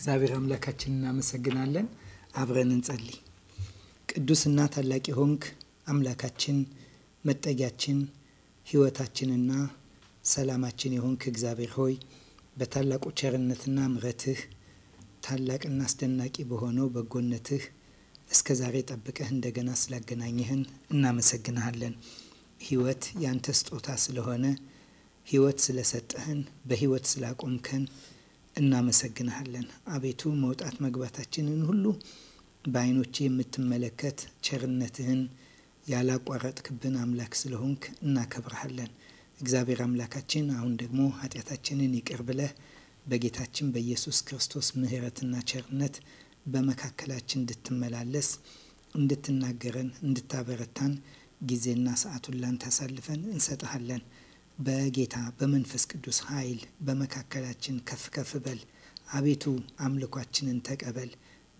እግዚአብሔር አምላካችን እናመሰግናለን። አብረን እንጸልይ። ቅዱስና ታላቅ የሆንክ አምላካችን፣ መጠጊያችን፣ ህይወታችንና ሰላማችን የሆንክ እግዚአብሔር ሆይ በታላቁ ቸርነትና ምረትህ ታላቅና አስደናቂ በሆነው በጎነትህ እስከ ዛሬ ጠብቀህ እንደገና ስላገናኘህን እናመሰግናሃለን። ህይወት ያንተ ስጦታ ስለሆነ ህይወት ስለሰጠህን፣ በህይወት ስላቆምከን እናመሰግንሃለን። አቤቱ መውጣት መግባታችንን ሁሉ በዓይኖቼ የምትመለከት ቸርነትህን ያላቋረጥክብን አምላክ ስለሆንክ እናከብረሃለን። እግዚአብሔር አምላካችን አሁን ደግሞ ኃጢአታችንን ይቅር ብለህ በጌታችን በኢየሱስ ክርስቶስ ምሕረትና ቸርነት በመካከላችን እንድትመላለስ እንድትናገረን፣ እንድታበረታን ጊዜና ሰዓቱን ላንተ አሳልፈን እንሰጥሃለን። በጌታ በመንፈስ ቅዱስ ኃይል በመካከላችን ከፍ ከፍ በል። አቤቱ አምልኳችንን ተቀበል።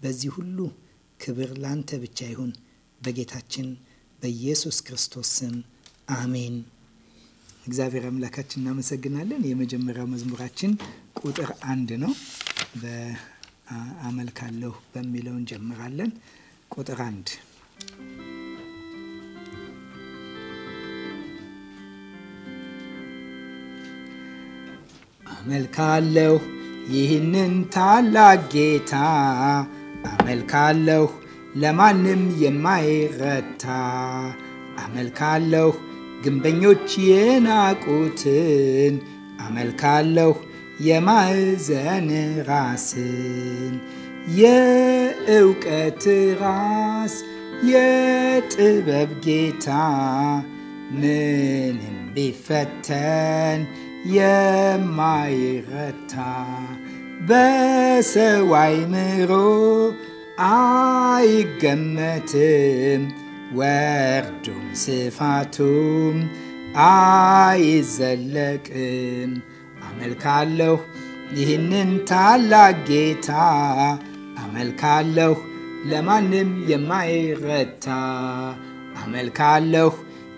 በዚህ ሁሉ ክብር ላንተ ብቻ ይሁን። በጌታችን በኢየሱስ ክርስቶስ ስም አሜን። እግዚአብሔር አምላካችን እናመሰግናለን። የመጀመሪያው መዝሙራችን ቁጥር አንድ ነው። በአመልካለሁ በሚለው እንጀምራለን። ቁጥር አንድ አመልካለሁ ይህንን ታላቅ ጌታ አመልካለሁ ለማንም የማይረታ አመልካለሁ ግንበኞች የናቁትን አመልካለሁ የማዕዘን ራስን የእውቀት ራስ የጥበብ ጌታ ምንም ቢፈተን የማይረታ በሰው አይምሮ አይገመትም ወርዱም ስፋቱም አይዘለቅም። አመልካለሁ ይህንን ታላቅ ጌታ አመልካለሁ ለማንም የማይረታ አመልካለሁ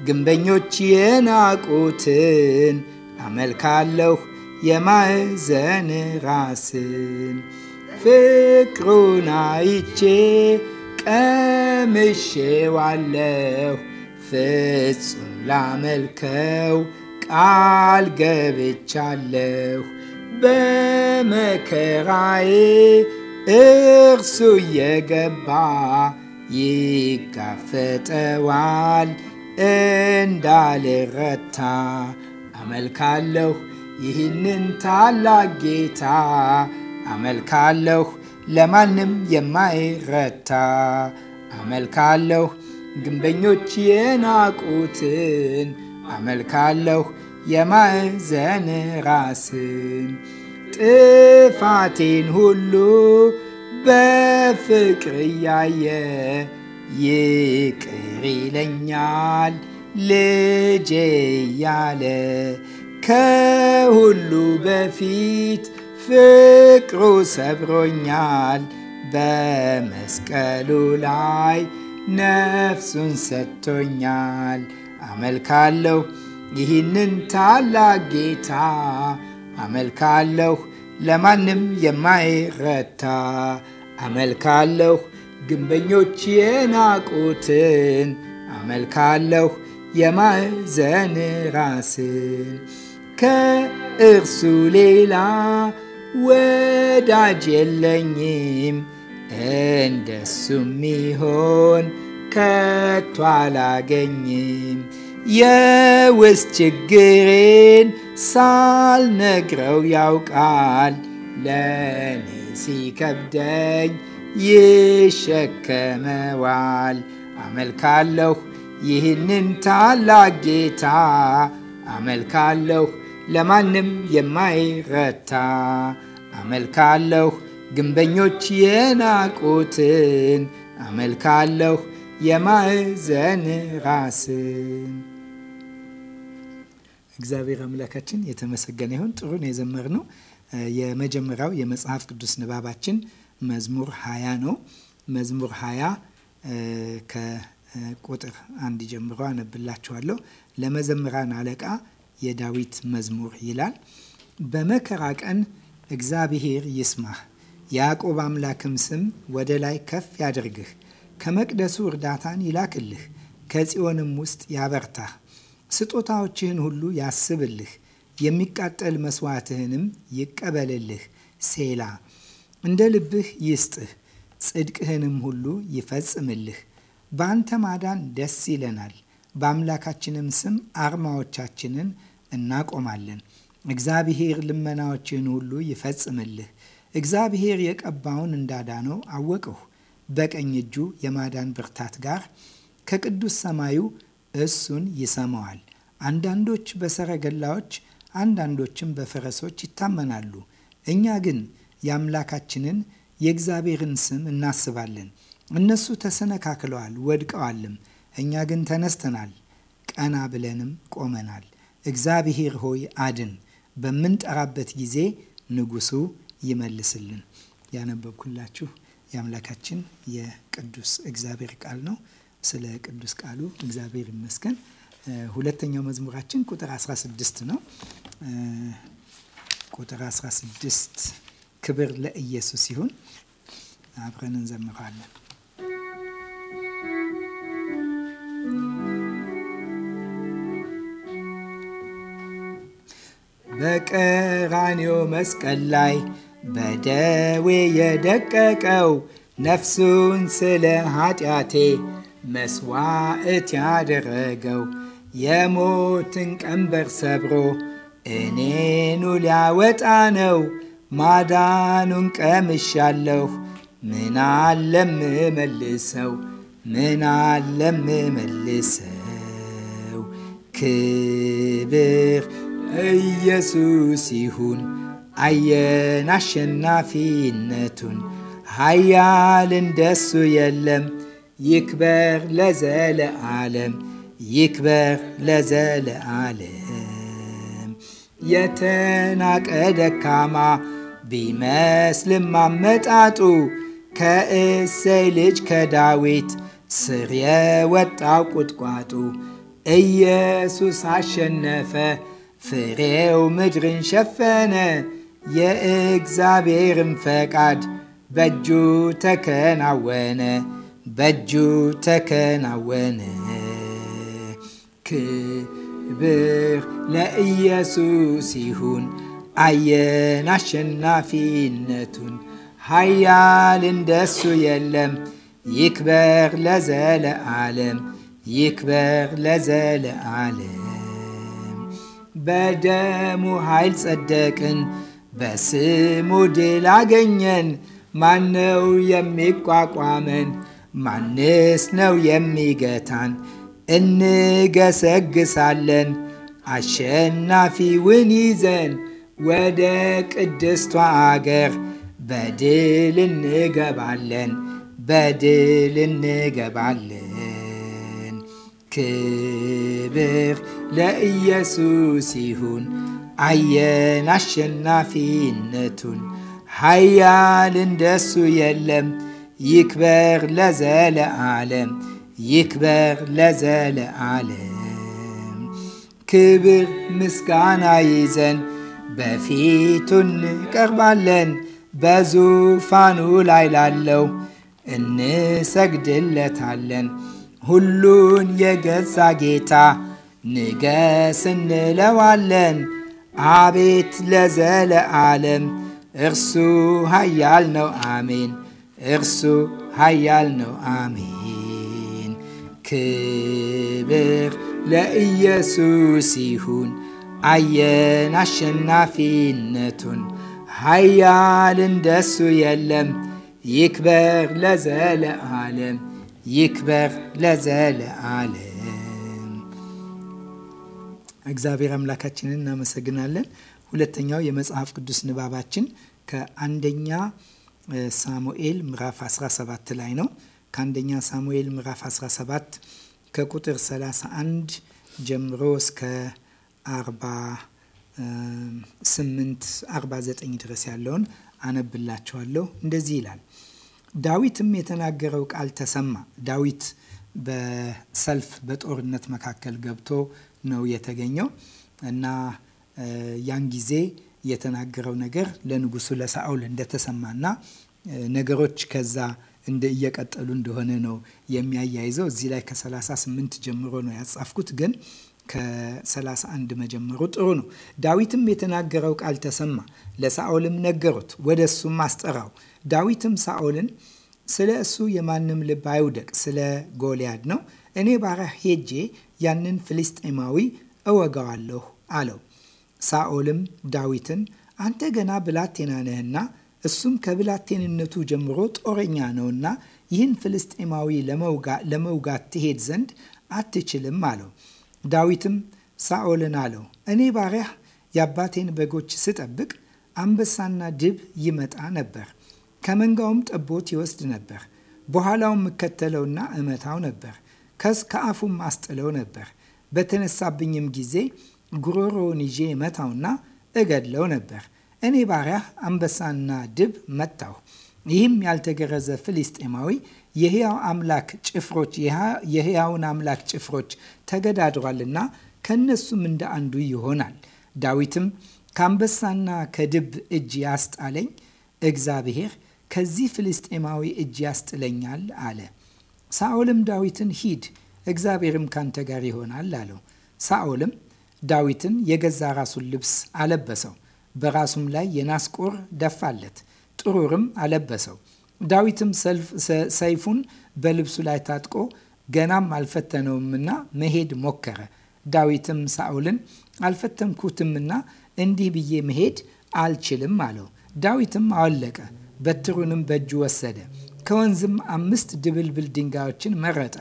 ግንበኞች የናቁትን አመልካለሁ የማዕዘን ራስን ፍቅሩን አይቼ ቀምሼዋለሁ ፍጹም ላመልከው ቃል ገብቻለሁ በመከራዬ እርሱ የገባ ይጋፈጠዋል እንዳልረታ አመልካለሁ ይህንን ታላቅ ጌታ አመልካለሁ ለማንም የማይረታ አመልካለሁ ግንበኞች የናቁትን አመልካለሁ የማዕዘን ራስን ጥፋቴን ሁሉ በፍቅር እያየ ይቅር ይለኛል። ልጄ ያለ ከሁሉ በፊት ፍቅሩ ሰብሮኛል በመስቀሉ ላይ ነፍሱን ሰጥቶኛል። አመልካለሁ ይህንን ታላቅ ጌታ አመልካለሁ ለማንም የማይረታ አመልካለሁ ግንበኞች የናቁትን አመልካለሁ የማዕዘን ራስን ከእርሱ ሌላ ወዳጅ የለኝም እንደሱ ሚሆን ከቶ አላገኝም። የውስጥ ችግሬን ሳልነግረው ያውቃል። ለኔ ሲከብደኝ ይሸከመዋል። አመልካለሁ ይህንን ታላቅ ጌታ አመልካለሁ ለማንም የማይረታ አመልካለሁ ግንበኞች የናቁትን አመልካለሁ የማዕዘን ራስን። እግዚአብሔር አምላካችን የተመሰገነ ይሁን። ጥሩን የዘመር ነው። የመጀመሪያው የመጽሐፍ ቅዱስ ንባባችን መዝሙር ሀያ ነው። መዝሙር ሀያ ቁጥር አንድ ጀምሮ አነብላችኋለሁ። ለመዘምራን አለቃ የዳዊት መዝሙር ይላል። በመከራ ቀን እግዚአብሔር ይስማህ፣ የያዕቆብ አምላክም ስም ወደ ላይ ከፍ ያደርግህ። ከመቅደሱ እርዳታን ይላክልህ፣ ከጽዮንም ውስጥ ያበርታህ። ስጦታዎችህን ሁሉ ያስብልህ፣ የሚቃጠል መስዋዕትህንም ይቀበልልህ። ሴላ እንደ ልብህ ይስጥህ፣ ጽድቅህንም ሁሉ ይፈጽምልህ። በአንተ ማዳን ደስ ይለናል፣ በአምላካችንም ስም አርማዎቻችንን እናቆማለን። እግዚአብሔር ልመናዎችን ሁሉ ይፈጽምልህ። እግዚአብሔር የቀባውን እንዳዳነው አወቅሁ። በቀኝ እጁ የማዳን ብርታት ጋር ከቅዱስ ሰማዩ እሱን ይሰማዋል። አንዳንዶች በሰረገላዎች አንዳንዶችም በፈረሶች ይታመናሉ። እኛ ግን የአምላካችንን የእግዚአብሔርን ስም እናስባለን። እነሱ ተሰነካክለዋል ወድቀዋልም፣ እኛ ግን ተነስተናል፣ ቀና ብለንም ቆመናል። እግዚአብሔር ሆይ አድን፣ በምንጠራበት ጊዜ ንጉሱ ይመልስልን። ያነበብኩላችሁ የአምላካችን የቅዱስ እግዚአብሔር ቃል ነው። ስለ ቅዱስ ቃሉ እግዚአብሔር ይመስገን። ሁለተኛው መዝሙራችን ቁጥር 16 ነው። ቁጥር 16 ክብር ለኢየሱስ ይሁን። አብረን እንዘምረዋለን። በቀራንዮ መስቀል ላይ በደዌ የደቀቀው ነፍሱን ስለ ኃጢአቴ መስዋዕት ያደረገው የሞትን ቀንበር ሰብሮ እኔኑ ሊያወጣ ነው። ማዳኑን ቀምሻለሁ። አለም መልሰው አለም መልሰው ክብር ኢየሱስ ይሁን አየን አሸናፊነቱን ኃያል እንደሱ የለም። ይክበር ለዘለ ዓለም ይክበር ለዘለ ዓለም የተናቀ ደካማ ቢመስልም አመጣጡ ከእሴይ ልጅ ከዳዊት ስር የወጣው ቁጥቋጡ ኢየሱስ አሸነፈ ፍሬው ምድርን ሸፈነ፣ የእግዚአብሔርም ፈቃድ በእጁ ተከናወነ፣ በእጁ ተከናወነ። ክብር ለኢየሱስ ይሁን፣ አየን አሸናፊነቱን፣ ኃያል እንደሱ የለም። ይክበር ለዘለ ይክበር ለዘለ በደሙ ኃይል ጸደቅን፣ በስሙ ድል አገኘን። ማነው የሚቋቋመን? ማንስ ነው የሚገታን? እንገሰግሳለን አሸናፊውን ይዘን ወደ ቅድስቷ አገር በድል እንገባለን፣ በድል እንገባለን። ክብር ለኢየሱስ ይሁን። አየን አሸናፊነቱን፣ ኃያል እንደሱ የለም። ይክበር ለዘለ ዓለም ይክበር ለዘለ ዓለም። ክብር ምስጋና ይዘን በፊቱ እንቀርባለን። በዙፋኑ ላይ ላለው እንሰግድለታለን። ሁሉን የገዛ ጌታ ንገስ እንለዋለን አቤት ለዘለ ለዘለዓለም እርሱ ኃያል ነው አሜን። እርሱ ኃያል ነው አሜን። ክብር ለኢየሱስ ይሁን። አየን አሸናፊነቱን ኃያል እንደሱ የለም። ይክበር ለዘለ ለዘለዓለም ይክበር ለዘለ ለዘለዓለም እግዚአብሔር አምላካችንን እናመሰግናለን። ሁለተኛው የመጽሐፍ ቅዱስ ንባባችን ከአንደኛ ሳሙኤል ምዕራፍ 17 ላይ ነው። ከአንደኛ ሳሙኤል ምዕራፍ 17 ከቁጥር 31 ጀምሮ እስከ 48 49 ድረስ ያለውን አነብላችኋለሁ። እንደዚህ ይላል። ዳዊትም የተናገረው ቃል ተሰማ። ዳዊት በሰልፍ በጦርነት መካከል ገብቶ ነው የተገኘው እና ያን ጊዜ የተናገረው ነገር ለንጉሱ ለሳኦል እንደተሰማና ነገሮች ከዛ እንደ እየቀጠሉ እንደሆነ ነው የሚያያይዘው። እዚህ ላይ ከ38 ጀምሮ ነው ያጻፍኩት ግን ከ31 መጀመሩ ጥሩ ነው። ዳዊትም የተናገረው ቃል ተሰማ፣ ለሳኦልም ነገሩት፣ ወደ እሱም አስጠራው። ዳዊትም ሳኦልን ስለ እሱ የማንም ልብ አይውደቅ፣ ስለ ጎልያድ ነው። እኔ ባሪያህ ሄጄ ያንን ፍልስጤማዊ እወጋዋለሁ አለው። ሳኦልም ዳዊትን አንተ ገና ብላቴና ነህና እሱም ከብላቴንነቱ ጀምሮ ጦረኛ ነውና ይህን ፍልስጤማዊ ለመውጋት ትሄድ ዘንድ አትችልም አለው። ዳዊትም ሳኦልን አለው፣ እኔ ባሪያህ የአባቴን በጎች ስጠብቅ አንበሳና ድብ ይመጣ ነበር፣ ከመንጋውም ጠቦት ይወስድ ነበር። በኋላውም እከተለውና እመታው ነበር ከአፉም አስጥለው ነበር። በተነሳብኝም ጊዜ ጉሮሮውን ይዤ መታውና እገድለው ነበር። እኔ ባሪያ አንበሳና ድብ መታሁ። ይህም ያልተገረዘ ፍልስጤማዊ የሕያው አምላክ ጭፍሮች የሕያውን አምላክ ጭፍሮች ተገዳድሯልና ከእነሱም እንደ አንዱ ይሆናል። ዳዊትም ከአንበሳና ከድብ እጅ ያስጣለኝ እግዚአብሔር ከዚህ ፍልስጤማዊ እጅ ያስጥለኛል አለ። ሳኦልም ዳዊትን ሂድ፣ እግዚአብሔርም ካንተ ጋር ይሆናል አለው። ሳኦልም ዳዊትን የገዛ ራሱን ልብስ አለበሰው፣ በራሱም ላይ የናስ ቁር ደፋለት፣ ጥሩርም አለበሰው። ዳዊትም ሰይፉን በልብሱ ላይ ታጥቆ ገናም አልፈተነውምና መሄድ ሞከረ። ዳዊትም ሳኦልን አልፈተንኩትምና እንዲህ ብዬ መሄድ አልችልም አለው። ዳዊትም አወለቀ፣ በትሩንም በእጁ ወሰደ። ከወንዝም አምስት ድብልብል ድንጋዮችን መረጠ።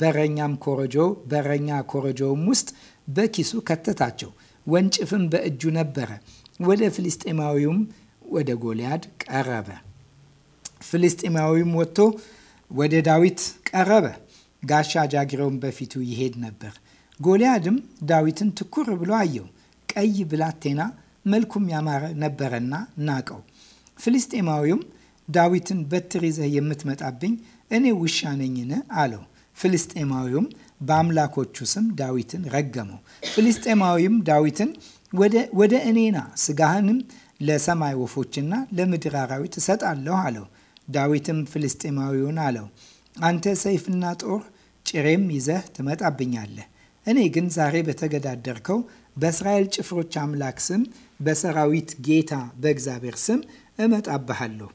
በረኛም ኮረጆ በረኛ ኮረጆውም ውስጥ በኪሱ ከተታቸው፣ ወንጭፍም በእጁ ነበረ። ወደ ፍልስጤማዊውም ወደ ጎልያድ ቀረበ። ፍልስጤማዊውም ወጥቶ ወደ ዳዊት ቀረበ። ጋሻ ጃግሬውን በፊቱ ይሄድ ነበር። ጎልያድም ዳዊትን ትኩር ብሎ አየው። ቀይ ብላቴና መልኩም ያማረ ነበረና ናቀው። ፍልስጤማዊውም ዳዊትን በትር ይዘህ የምትመጣብኝ እኔ ውሻ ነኝን? አለው። ፍልስጤማዊውም በአምላኮቹ ስም ዳዊትን ረገመው። ፍልስጤማዊም ዳዊትን ወደ እኔና ስጋህንም ለሰማይ ወፎችና ለምድር አራዊት እሰጣለሁ አለው። ዳዊትም ፍልስጤማዊውን አለው፣ አንተ ሰይፍና ጦር ጭሬም ይዘህ ትመጣብኛለህ። እኔ ግን ዛሬ በተገዳደርከው በእስራኤል ጭፍሮች አምላክ ስም በሰራዊት ጌታ በእግዚአብሔር ስም እመጣብሃለሁ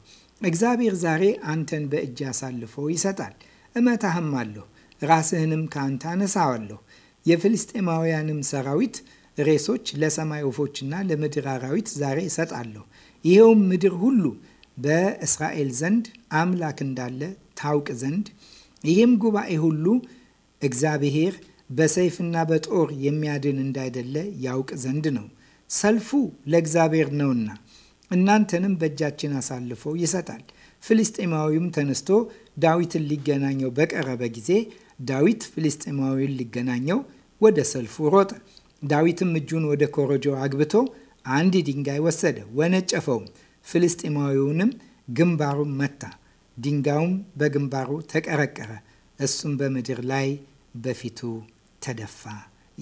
እግዚአብሔር ዛሬ አንተን በእጅ አሳልፎ ይሰጣል፣ እመታህማለሁ፣ ራስህንም ከአንተ አነሳዋለሁ። የፍልስጤማውያንም ሰራዊት ሬሶች ለሰማይ ወፎችና ለምድር አራዊት ዛሬ እሰጣለሁ። ይኸውም ምድር ሁሉ በእስራኤል ዘንድ አምላክ እንዳለ ታውቅ ዘንድ ይህም ጉባኤ ሁሉ እግዚአብሔር በሰይፍና በጦር የሚያድን እንዳይደለ ያውቅ ዘንድ ነው። ሰልፉ ለእግዚአብሔር ነውና እናንተንም በእጃችን አሳልፎ ይሰጣል። ፍልስጤማዊውም ተነስቶ ዳዊትን ሊገናኘው በቀረበ ጊዜ ዳዊት ፍልስጤማዊውን ሊገናኘው ወደ ሰልፉ ሮጠ። ዳዊትም እጁን ወደ ኮረጆ አግብቶ አንድ ድንጋይ ወሰደ፣ ወነጨፈውም። ፍልስጤማዊውንም ግንባሩን መታ፣ ድንጋዩም በግንባሩ ተቀረቀረ፣ እሱም በምድር ላይ በፊቱ ተደፋ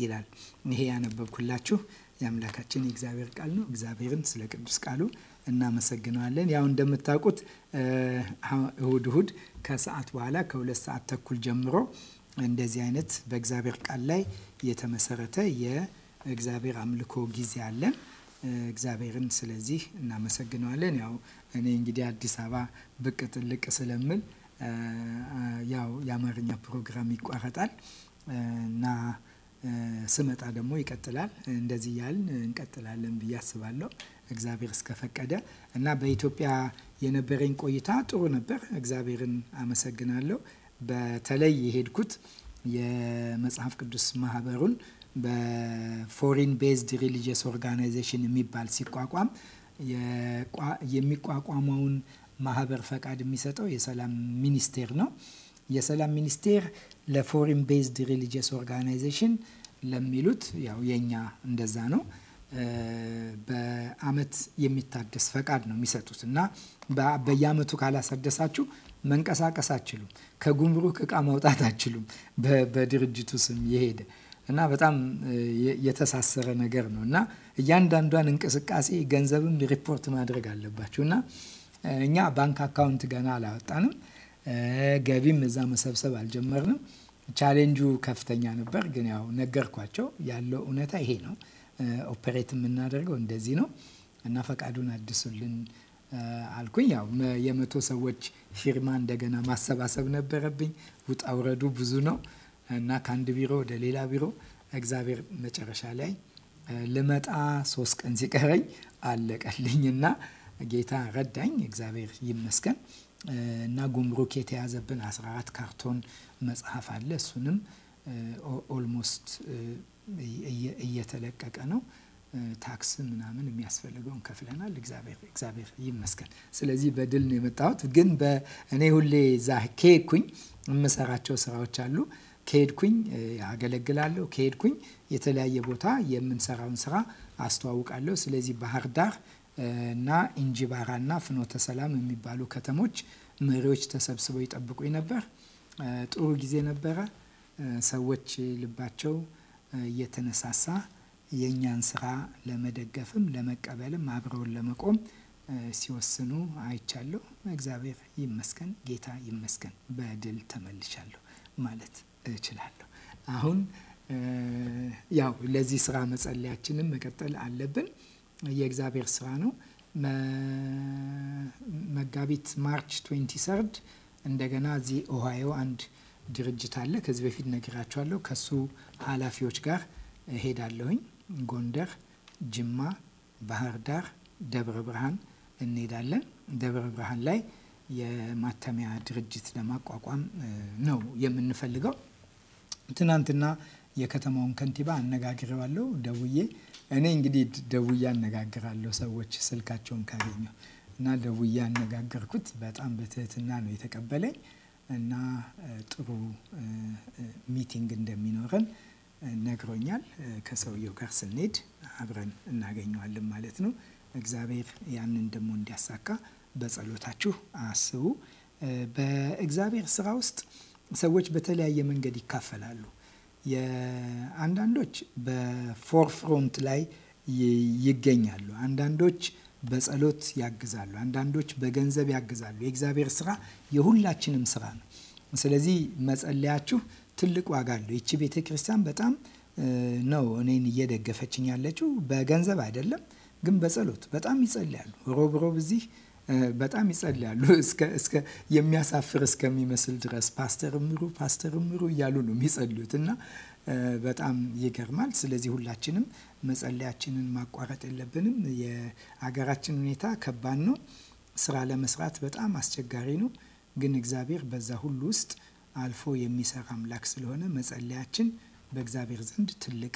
ይላል። ይሄ ያነበብኩላችሁ የአምላካችን የእግዚአብሔር ቃል ነው። እግዚአብሔርን ስለ ቅዱስ ቃሉ እናመሰግነዋለን። ያው እንደምታውቁት እሁድ እሁድ ከሰዓት በኋላ ከሁለት ሰዓት ተኩል ጀምሮ እንደዚህ አይነት በእግዚአብሔር ቃል ላይ የተመሰረተ የእግዚአብሔር አምልኮ ጊዜ አለን። እግዚአብሔርን ስለዚህ እናመሰግነዋለን። ያው እኔ እንግዲህ አዲስ አበባ ብቅ ጥልቅ ስለምል ያው የአማርኛ ፕሮግራም ይቋረጣል እና ስመጣ ደግሞ ይቀጥላል። እንደዚህ እያልን እንቀጥላለን ብዬ አስባለሁ እግዚአብሔር እስከፈቀደ እና በኢትዮጵያ የነበረኝ ቆይታ ጥሩ ነበር። እግዚአብሔርን አመሰግናለሁ። በተለይ የሄድኩት የመጽሐፍ ቅዱስ ማህበሩን በፎሪን ቤዝድ ሪሊጂየስ ኦርጋናይዜሽን የሚባል ሲቋቋም የሚቋቋመውን ማህበር ፈቃድ የሚሰጠው የሰላም ሚኒስቴር ነው። የሰላም ሚኒስቴር ለፎሪን ቤዝድ ሪሊጂየስ ኦርጋናይዜሽን ለሚሉት ያው የኛ እንደዛ ነው። በአመት የሚታደስ ፈቃድ ነው የሚሰጡት እና በየአመቱ ካላሳደሳችሁ መንቀሳቀስ አችሉም፣ ከጉምሩክ እቃ ማውጣት አችሉም። በድርጅቱ ስም የሄደ እና በጣም የተሳሰረ ነገር ነው እና እያንዳንዷን እንቅስቃሴ ገንዘብም ሪፖርት ማድረግ አለባችሁ እና እኛ ባንክ አካውንት ገና አላወጣንም። ገቢም እዛ መሰብሰብ አልጀመርንም። ቻሌንጁ ከፍተኛ ነበር። ግን ያው ነገርኳቸው፣ ያለው እውነታ ይሄ ነው፣ ኦፕሬት የምናደርገው እንደዚህ ነው እና ፈቃዱን አድሱልን አልኩኝ። ያው የመቶ ሰዎች ፊርማ እንደገና ማሰባሰብ ነበረብኝ። ውጣ ውረዱ ብዙ ነው እና ከአንድ ቢሮ ወደ ሌላ ቢሮ እግዚአብሔር መጨረሻ ላይ ልመጣ ሶስት ቀን ሲቀረኝ አለቀልኝ እና ጌታ ረዳኝ። እግዚአብሔር ይመስገን። እና ጉምሩክ የተያዘብን 14 ካርቶን መጽሐፍ አለ። እሱንም ኦልሞስት እየተለቀቀ ነው። ታክስ ምናምን የሚያስፈልገውን ከፍለናል። እግዚአብሔር ይመስገን። ስለዚህ በድል ነው የመጣሁት። ግን እኔ ሁሌ ዛ ከሄድኩኝ የምሰራቸው ስራዎች አሉ። ከሄድኩኝ አገለግላለሁ። ከሄድኩኝ የተለያየ ቦታ የምንሰራውን ስራ አስተዋውቃለሁ። ስለዚህ ባህር ዳር እና እንጂባራ እና ፍኖተ ሰላም የሚባሉ ከተሞች መሪዎች ተሰብስበው ይጠብቁኝ ነበር። ጥሩ ጊዜ ነበረ። ሰዎች ልባቸው እየተነሳሳ የእኛን ስራ ለመደገፍም ለመቀበልም አብረውን ለመቆም ሲወስኑ አይቻለሁ። እግዚአብሔር ይመስገን፣ ጌታ ይመስገን። በድል ተመልሻለሁ ማለት እችላለሁ። አሁን ያው ለዚህ ስራ መጸለያችንን መቀጠል አለብን። የእግዚአብሔር ስራ ነው። መጋቢት ማርች 23 እንደገና እዚህ ኦሃዮ አንድ ድርጅት አለ። ከዚህ በፊት ነግራችኋለሁ። ከሱ ኃላፊዎች ጋር እሄዳለሁኝ። ጎንደር፣ ጅማ፣ ባህር ዳር፣ ደብረ ብርሃን እንሄዳለን። ደብረ ብርሃን ላይ የማተሚያ ድርጅት ለማቋቋም ነው የምንፈልገው። ትናንትና የከተማውን ከንቲባ አነጋግሬዋለሁ ደውዬ እኔ እንግዲህ ደውዬ አነጋግራለሁ ሰዎች ስልካቸውን ካገኘ እና ደውዬ አነጋገርኩት። በጣም በትህትና ነው የተቀበለኝ እና ጥሩ ሚቲንግ እንደሚኖረን ነግሮኛል። ከሰውየው ጋር ስንሄድ አብረን እናገኘዋለን ማለት ነው። እግዚአብሔር ያንን ደግሞ እንዲያሳካ በጸሎታችሁ አስቡ። በእግዚአብሔር ስራ ውስጥ ሰዎች በተለያየ መንገድ ይካፈላሉ። አንዳንዶች በፎርፍሮንት ላይ ይገኛሉ። አንዳንዶች በጸሎት ያግዛሉ። አንዳንዶች በገንዘብ ያግዛሉ። የእግዚአብሔር ስራ የሁላችንም ስራ ነው። ስለዚህ መጸለያችሁ ትልቅ ዋጋ አለው። ይቺ ቤተ ክርስቲያን በጣም ነው እኔን እየደገፈችኝ ያለችው። በገንዘብ አይደለም ግን በጸሎት በጣም ይጸልያሉ። ሮብ ሮብ እዚህ በጣም ይጸልያሉ እስከ የሚያሳፍር እስከሚመስል ድረስ ፓስተር ምሩ ፓስተር ምሩ እያሉ ነው የሚጸልዩት እና በጣም ይገርማል። ስለዚህ ሁላችንም መጸለያችንን ማቋረጥ የለብንም። የሀገራችን ሁኔታ ከባድ ነው። ስራ ለመስራት በጣም አስቸጋሪ ነው። ግን እግዚአብሔር በዛ ሁሉ ውስጥ አልፎ የሚሰራ አምላክ ስለሆነ መጸለያችን በእግዚአብሔር ዘንድ ትልቅ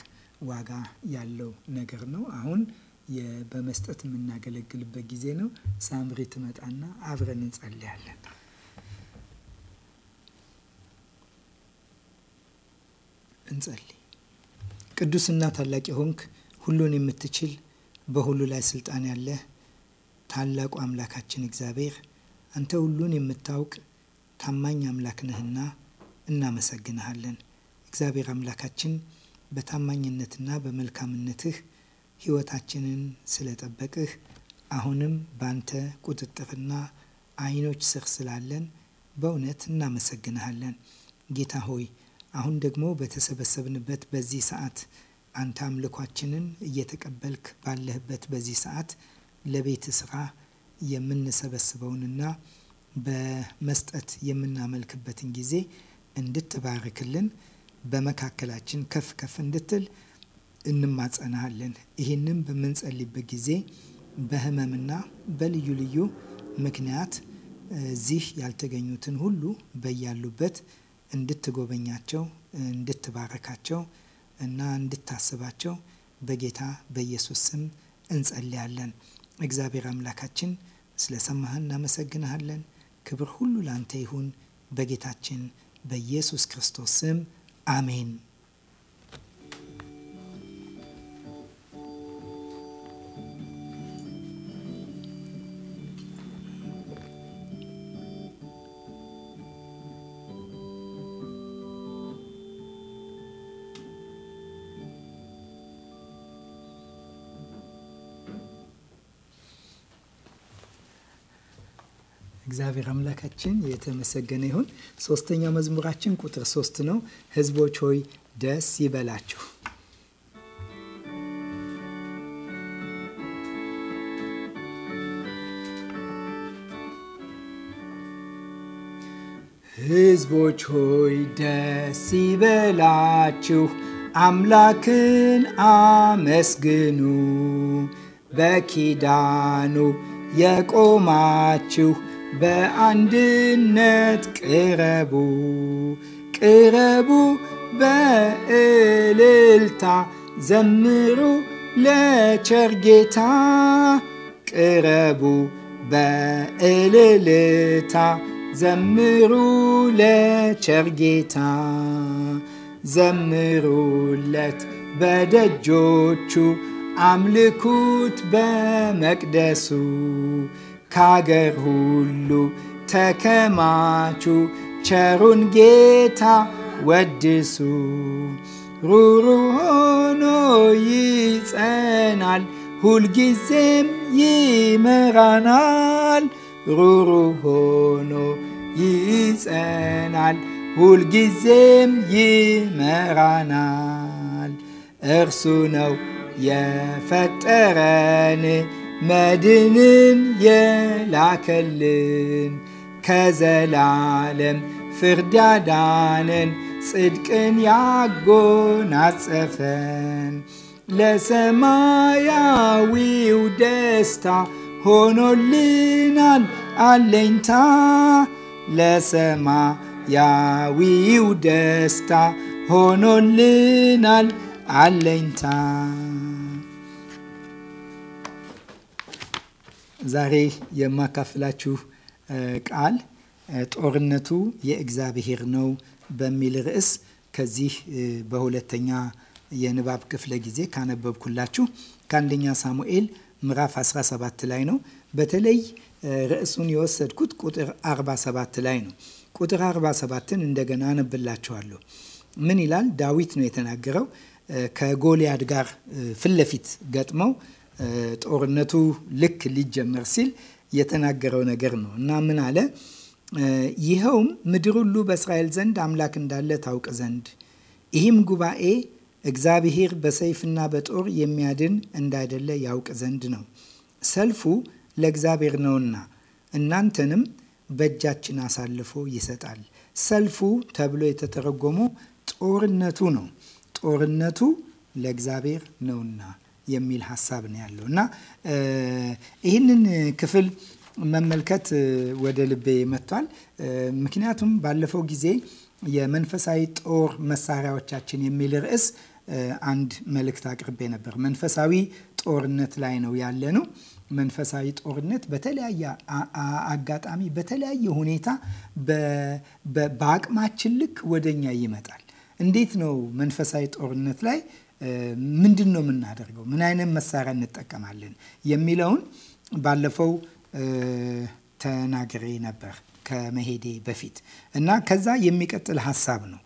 ዋጋ ያለው ነገር ነው አሁን በመስጠት የምናገለግልበት ጊዜ ነው። ሳምሪ ትመጣና አብረን እንጸልያለን። እንጸልይ። ቅዱስና ታላቅ የሆንክ ሁሉን የምትችል በሁሉ ላይ ስልጣን ያለ ታላቁ አምላካችን እግዚአብሔር አንተ ሁሉን የምታውቅ ታማኝ አምላክ ነህና እናመሰግንሃለን። እግዚአብሔር አምላካችን በታማኝነትና በመልካምነትህ ህይወታችንን ስለጠበቅህ አሁንም ባንተ ቁጥጥፍና አይኖች ስር ስላለን በእውነት እናመሰግንሃለን። ጌታ ሆይ አሁን ደግሞ በተሰበሰብንበት በዚህ ሰዓት አንተ አምልኳችንን እየተቀበልክ ባለህበት በዚህ ሰዓት ለቤት ስራ የምንሰበስበውንና በመስጠት የምናመልክበትን ጊዜ እንድትባርክልን በመካከላችን ከፍ ከፍ እንድትል እንማጸናሃለን። ይህንም በምንጸልይበት ጊዜ በህመምና በልዩ ልዩ ምክንያት እዚህ ያልተገኙትን ሁሉ በያሉበት እንድትጎበኛቸው፣ እንድትባረካቸው እና እንድታስባቸው በጌታ በኢየሱስ ስም እንጸልያለን። እግዚአብሔር አምላካችን ስለሰማህን እናመሰግንሃለን። ክብር ሁሉ ላንተ ይሁን። በጌታችን በኢየሱስ ክርስቶስ ስም አሜን። እግዚአብሔር አምላካችን የተመሰገነ ይሁን። ሶስተኛው መዝሙራችን ቁጥር ሶስት ነው። ህዝቦች ሆይ ደስ ይበላችሁ። ህዝቦች ሆይ ደስ ይበላችሁ፣ አምላክን አመስግኑ በኪዳኑ የቆማችሁ በአንድነት ቅረቡ ቅረቡ በእልልታ ዘምሩ ለቸርጌታ ቅረቡ በእልልታ ዘምሩ ለቸርጌታ ዘምሩለት በደጆቹ አምልኩት በመቅደሱ ከአገር ሁሉ ተከማቹ ቸሩን ጌታ ወድሱ። ሩሩ ሆኖ ይጸናል፣ ሁልጊዜም ይመራናል። ሩሩ ሆኖ ይጸናል፣ ሁልጊዜም ይመራናል። እርሱ ነው የፈጠረን መድንን የላከልን ከዘላለም ፍርድ ያዳነን ጽድቅን ያጎናጸፈን ለሰማያዊው ደስታ ሆኖልናል አለኝታ ለሰማያዊው ደስታ ሆኖልናል አለኝታ ዛሬ የማካፍላችሁ ቃል ጦርነቱ የእግዚአብሔር ነው በሚል ርዕስ ከዚህ በሁለተኛ የንባብ ክፍለ ጊዜ ካነበብኩላችሁ ከአንደኛ ሳሙኤል ምዕራፍ 17 ላይ ነው። በተለይ ርዕሱን የወሰድኩት ቁጥር 47 ላይ ነው። ቁጥር 47ን እንደገና አነብላችኋለሁ። ምን ይላል? ዳዊት ነው የተናገረው ከጎልያድ ጋር ፊት ለፊት ገጥመው ጦርነቱ ልክ ሊጀመር ሲል የተናገረው ነገር ነው እና ምን አለ? ይኸውም ምድር ሁሉ በእስራኤል ዘንድ አምላክ እንዳለ ታውቅ ዘንድ ይህም ጉባኤ እግዚአብሔር በሰይፍና በጦር የሚያድን እንዳይደለ ያውቅ ዘንድ ነው። ሰልፉ ለእግዚአብሔር ነውና እናንተንም በእጃችን አሳልፎ ይሰጣል። ሰልፉ ተብሎ የተተረጎመው ጦርነቱ ነው። ጦርነቱ ለእግዚአብሔር ነውና የሚል ሀሳብ ነው ያለው እና ይህንን ክፍል መመልከት ወደ ልቤ መጥቷል። ምክንያቱም ባለፈው ጊዜ የመንፈሳዊ ጦር መሳሪያዎቻችን የሚል ርዕስ አንድ መልእክት አቅርቤ ነበር። መንፈሳዊ ጦርነት ላይ ነው ነው። መንፈሳዊ ጦርነት በተለያየ አጋጣሚ በተለያየ ሁኔታ በአቅማችን ልክ ወደኛ ይመጣል። እንዴት ነው መንፈሳዊ ጦርነት ላይ ምንድን ነው የምናደርገው? ምን አይነት መሳሪያ እንጠቀማለን የሚለውን ባለፈው ተናግሬ ነበር ከመሄዴ በፊት እና ከዛ የሚቀጥል ሀሳብ ነው።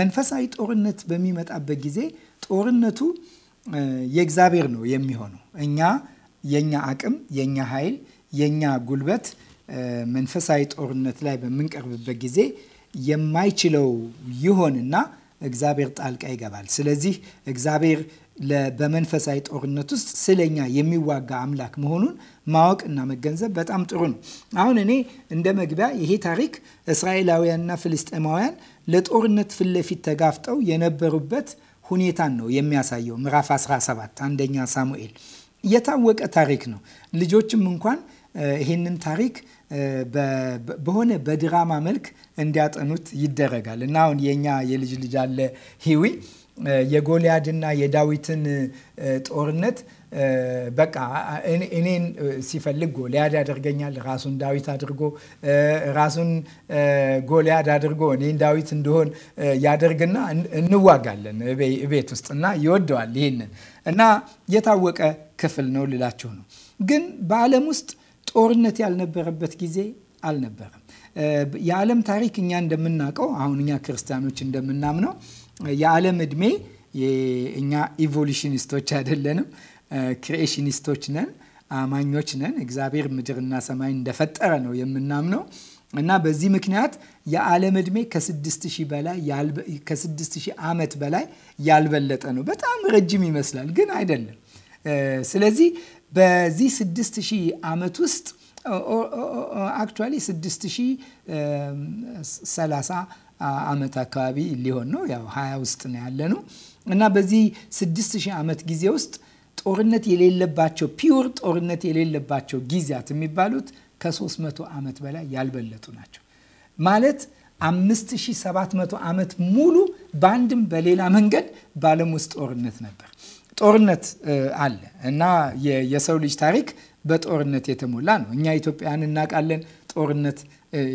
መንፈሳዊ ጦርነት በሚመጣበት ጊዜ ጦርነቱ የእግዚአብሔር ነው የሚሆነው። እኛ የእኛ አቅም፣ የእኛ ኃይል፣ የእኛ ጉልበት መንፈሳዊ ጦርነት ላይ በምንቀርብበት ጊዜ የማይችለው ይሆንና እግዚአብሔር ጣልቃ ይገባል። ስለዚህ እግዚአብሔር በመንፈሳዊ ጦርነት ውስጥ ስለኛ የሚዋጋ አምላክ መሆኑን ማወቅ እና መገንዘብ በጣም ጥሩ ነው። አሁን እኔ እንደ መግቢያ ይሄ ታሪክ እስራኤላውያንና ፍልስጤማውያን ለጦርነት ፊት ለፊት ተጋፍጠው የነበሩበት ሁኔታን ነው የሚያሳየው። ምዕራፍ 17 አንደኛ ሳሙኤል የታወቀ ታሪክ ነው። ልጆችም እንኳን ይህንን ታሪክ በሆነ በድራማ መልክ እንዲያጠኑት ይደረጋል እና አሁን የእኛ የልጅ ልጅ አለ ሂዊ የጎልያድና የዳዊትን ጦርነት በቃ እኔን ሲፈልግ ጎልያድ ያደርገኛል። ራሱን ዳዊት አድርጎ ራሱን ጎልያድ አድርጎ እኔን ዳዊት እንደሆን ያደርግና እንዋጋለን ቤት ውስጥ እና ይወደዋል ይህንን እና የታወቀ ክፍል ነው ልላችሁ ነው። ግን በዓለም ውስጥ ጦርነት ያልነበረበት ጊዜ አልነበረም። የዓለም ታሪክ እኛ እንደምናውቀው አሁን እኛ ክርስቲያኖች እንደምናምነው የዓለም እድሜ እኛ ኢቮሉሽኒስቶች አይደለንም፣ ክሪኤሽኒስቶች ነን፣ አማኞች ነን። እግዚአብሔር ምድርና ሰማይ እንደፈጠረ ነው የምናምነው እና በዚህ ምክንያት የዓለም እድሜ ከ ሺህ ዓመት በላይ ያልበለጠ ነው። በጣም ረጅም ይመስላል ግን አይደለም። ስለዚህ በዚህ ስድስት ሺህ ዓመት ውስጥ አክቹዋሊ ስድስት ሺህ ሰላሳ ዓመት አካባቢ ሊሆን ነው ያው ሀያ ውስጥ ነው ያለ ነው እና በዚህ ስድስት ሺህ ዓመት ጊዜ ውስጥ ጦርነት የሌለባቸው ፒውር ጦርነት የሌለባቸው ጊዜያት የሚባሉት ከ መቶ ዓመት በላይ ያልበለጡ ናቸው ማለት 5700 ዓመት ሙሉ በአንድም በሌላ መንገድ በዓለም ውስጥ ጦርነት ነበር። ጦርነት አለ እና የሰው ልጅ ታሪክ በጦርነት የተሞላ ነው። እኛ ኢትዮጵያን እናውቃለን። ጦርነት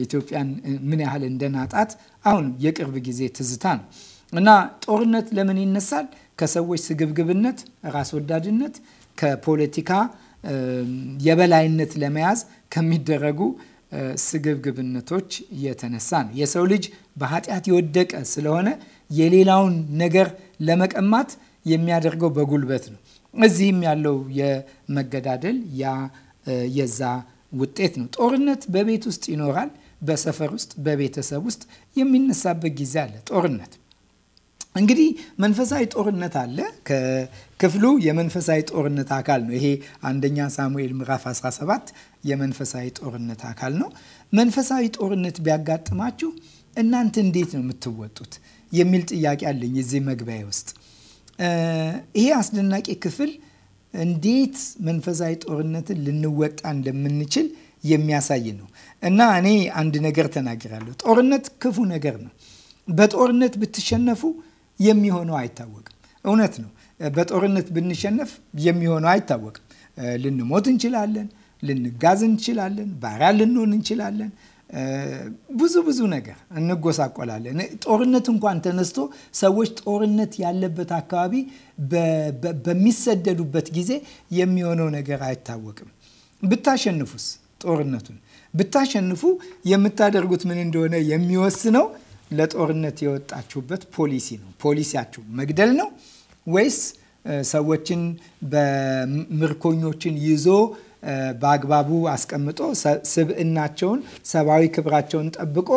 ኢትዮጵያን ምን ያህል እንደናጣት አሁን የቅርብ ጊዜ ትዝታ ነው እና ጦርነት ለምን ይነሳል? ከሰዎች ስግብግብነት፣ ራስ ወዳድነት፣ ከፖለቲካ የበላይነት ለመያዝ ከሚደረጉ ስግብግብነቶች የተነሳ ነው። የሰው ልጅ በኃጢአት የወደቀ ስለሆነ የሌላውን ነገር ለመቀማት የሚያደርገው በጉልበት ነው። እዚህም ያለው የመገዳደል ያ የዛ ውጤት ነው። ጦርነት በቤት ውስጥ ይኖራል። በሰፈር ውስጥ፣ በቤተሰብ ውስጥ የሚነሳበት ጊዜ አለ። ጦርነት እንግዲህ መንፈሳዊ ጦርነት አለ። ከክፍሉ የመንፈሳዊ ጦርነት አካል ነው። ይሄ አንደኛ ሳሙኤል ምዕራፍ 17 የመንፈሳዊ ጦርነት አካል ነው። መንፈሳዊ ጦርነት ቢያጋጥማችሁ እናንተ እንዴት ነው የምትወጡት የሚል ጥያቄ አለኝ እዚህ መግቢያ ውስጥ ይሄ አስደናቂ ክፍል እንዴት መንፈሳዊ ጦርነትን ልንወጣ እንደምንችል የሚያሳይ ነው እና እኔ አንድ ነገር ተናግራለሁ። ጦርነት ክፉ ነገር ነው። በጦርነት ብትሸነፉ የሚሆነው አይታወቅም። እውነት ነው። በጦርነት ብንሸነፍ የሚሆነው አይታወቅም። ልንሞት እንችላለን። ልንጋዝ እንችላለን። ባሪያ ልንሆን እንችላለን። ብዙ ብዙ ነገር እንጎሳቆላለን። ጦርነት እንኳን ተነስቶ ሰዎች ጦርነት ያለበት አካባቢ በሚሰደዱበት ጊዜ የሚሆነው ነገር አይታወቅም። ብታሸንፉስ ጦርነቱን ብታሸንፉ የምታደርጉት ምን እንደሆነ የሚወስነው ለጦርነት የወጣችሁበት ፖሊሲ ነው። ፖሊሲያችሁ መግደል ነው ወይስ ሰዎችን በምርኮኞችን ይዞ በአግባቡ አስቀምጦ ስብእናቸውን ሰብአዊ ክብራቸውን ጠብቆ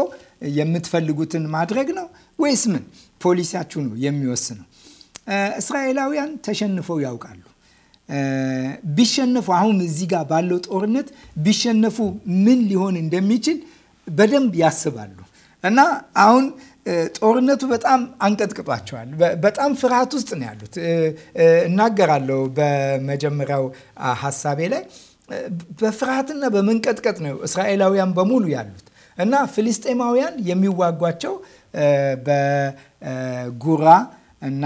የምትፈልጉትን ማድረግ ነው ወይስ ምን? ፖሊሲያችሁ ነው የሚወስነው። እስራኤላውያን ተሸንፈው ያውቃሉ። ቢሸነፉ አሁን እዚህ ጋር ባለው ጦርነት ቢሸነፉ ምን ሊሆን እንደሚችል በደንብ ያስባሉ እና አሁን ጦርነቱ በጣም አንቀጥቅጧቸዋል። በጣም ፍርሃት ውስጥ ነው ያሉት። እናገራለሁ በመጀመሪያው ሀሳቤ ላይ በፍርሃትና በመንቀጥቀጥ ነው እስራኤላውያን በሙሉ ያሉት እና ፍልስጤማውያን የሚዋጓቸው በጉራ እና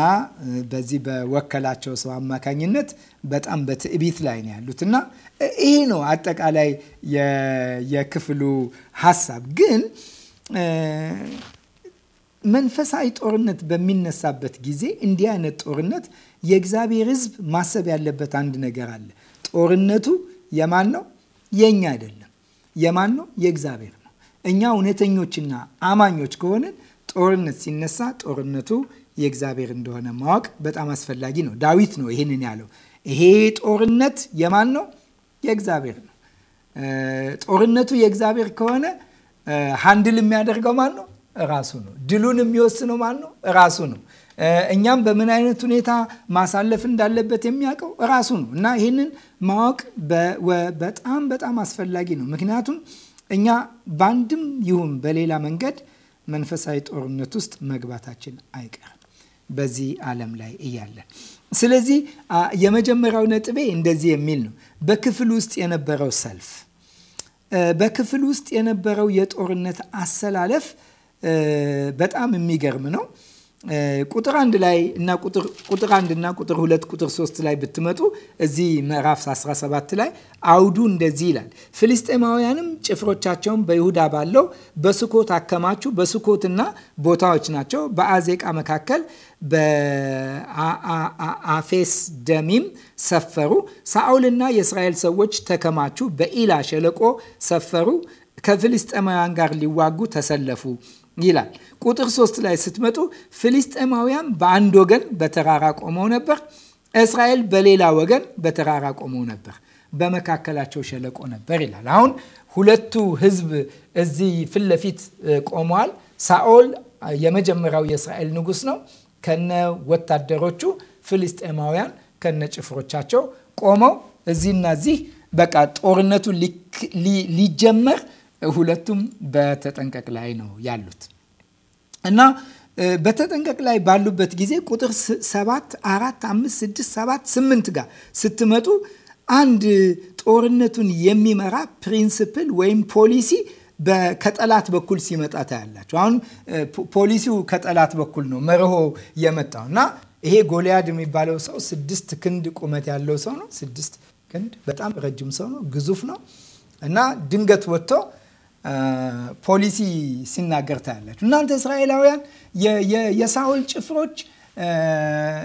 በዚህ በወከላቸው ሰው አማካኝነት በጣም በትዕቢት ላይ ነው ያሉት እና ይሄ ነው አጠቃላይ የክፍሉ ሀሳብ። ግን መንፈሳዊ ጦርነት በሚነሳበት ጊዜ እንዲህ አይነት ጦርነት የእግዚአብሔር ሕዝብ ማሰብ ያለበት አንድ ነገር አለ። ጦርነቱ የማን ነው? የእኛ አይደለም። የማን ነው? የእግዚአብሔር ነው። እኛ እውነተኞችና አማኞች ከሆንን ጦርነት ሲነሳ ጦርነቱ የእግዚአብሔር እንደሆነ ማወቅ በጣም አስፈላጊ ነው። ዳዊት ነው ይህንን ያለው። ይሄ ጦርነት የማን ነው? የእግዚአብሔር ነው። ጦርነቱ የእግዚአብሔር ከሆነ ሀንድል የሚያደርገው ማን ነው? ራሱ ነው። ድሉን የሚወስነው ማን ነው? ራሱ ነው። እኛም በምን አይነት ሁኔታ ማሳለፍ እንዳለበት የሚያውቀው ራሱ ነው እና ይህንን ማወቅ በጣም በጣም አስፈላጊ ነው። ምክንያቱም እኛ በአንድም ይሁን በሌላ መንገድ መንፈሳዊ ጦርነት ውስጥ መግባታችን አይቀርም በዚህ ዓለም ላይ እያለን። ስለዚህ የመጀመሪያው ነጥቤ እንደዚህ የሚል ነው። በክፍል ውስጥ የነበረው ሰልፍ፣ በክፍል ውስጥ የነበረው የጦርነት አሰላለፍ በጣም የሚገርም ነው። ቁጥር አንድ ላይ እና ቁጥር አንድ እና ቁጥር ሁለት ቁጥር ሶስት ላይ ብትመጡ እዚህ ምዕራፍ 17 ላይ አውዱ እንደዚህ ይላል። ፍልስጤማውያንም ጭፍሮቻቸውን በይሁዳ ባለው በስኮት አከማቹ። በስኮትና ቦታዎች ናቸው። በአዜቃ መካከል በአፌስ ደሚም ሰፈሩ። ሳኦልና የእስራኤል ሰዎች ተከማቹ። በኢላ ሸለቆ ሰፈሩ። ከፍልስጤማውያን ጋር ሊዋጉ ተሰለፉ። ይላል። ቁጥር ሶስት ላይ ስትመጡ ፍልስጤማውያን በአንድ ወገን በተራራ ቆመው ነበር፣ እስራኤል በሌላ ወገን በተራራ ቆመው ነበር፣ በመካከላቸው ሸለቆ ነበር ይላል። አሁን ሁለቱ ህዝብ እዚህ ፊት ለፊት ቆመዋል። ሳኦል የመጀመሪያው የእስራኤል ንጉስ ነው። ከነ ወታደሮቹ ፍልስጤማውያን ከነ ጭፍሮቻቸው ቆመው እዚህና እዚህ በቃ ጦርነቱ ሊጀመር ሁለቱም በተጠንቀቅ ላይ ነው ያሉት እና በተጠንቀቅ ላይ ባሉበት ጊዜ ቁጥር ሰባት አራት አምስት ስድስት ሰባት ስምንት ጋር ስትመጡ አንድ ጦርነቱን የሚመራ ፕሪንስፕል ወይም ፖሊሲ ከጠላት በኩል ሲመጣ ታያላችሁ። አሁን ፖሊሲው ከጠላት በኩል ነው መርሆ የመጣው እና ይሄ ጎልያድ የሚባለው ሰው ስድስት ክንድ ቁመት ያለው ሰው ነው። ስድስት ክንድ በጣም ረጅም ሰው ነው። ግዙፍ ነው እና ድንገት ወጥቶ ፖሊሲ ሲናገር ታያላችሁ። እናንተ እስራኤላውያን የሳውል ጭፍሮች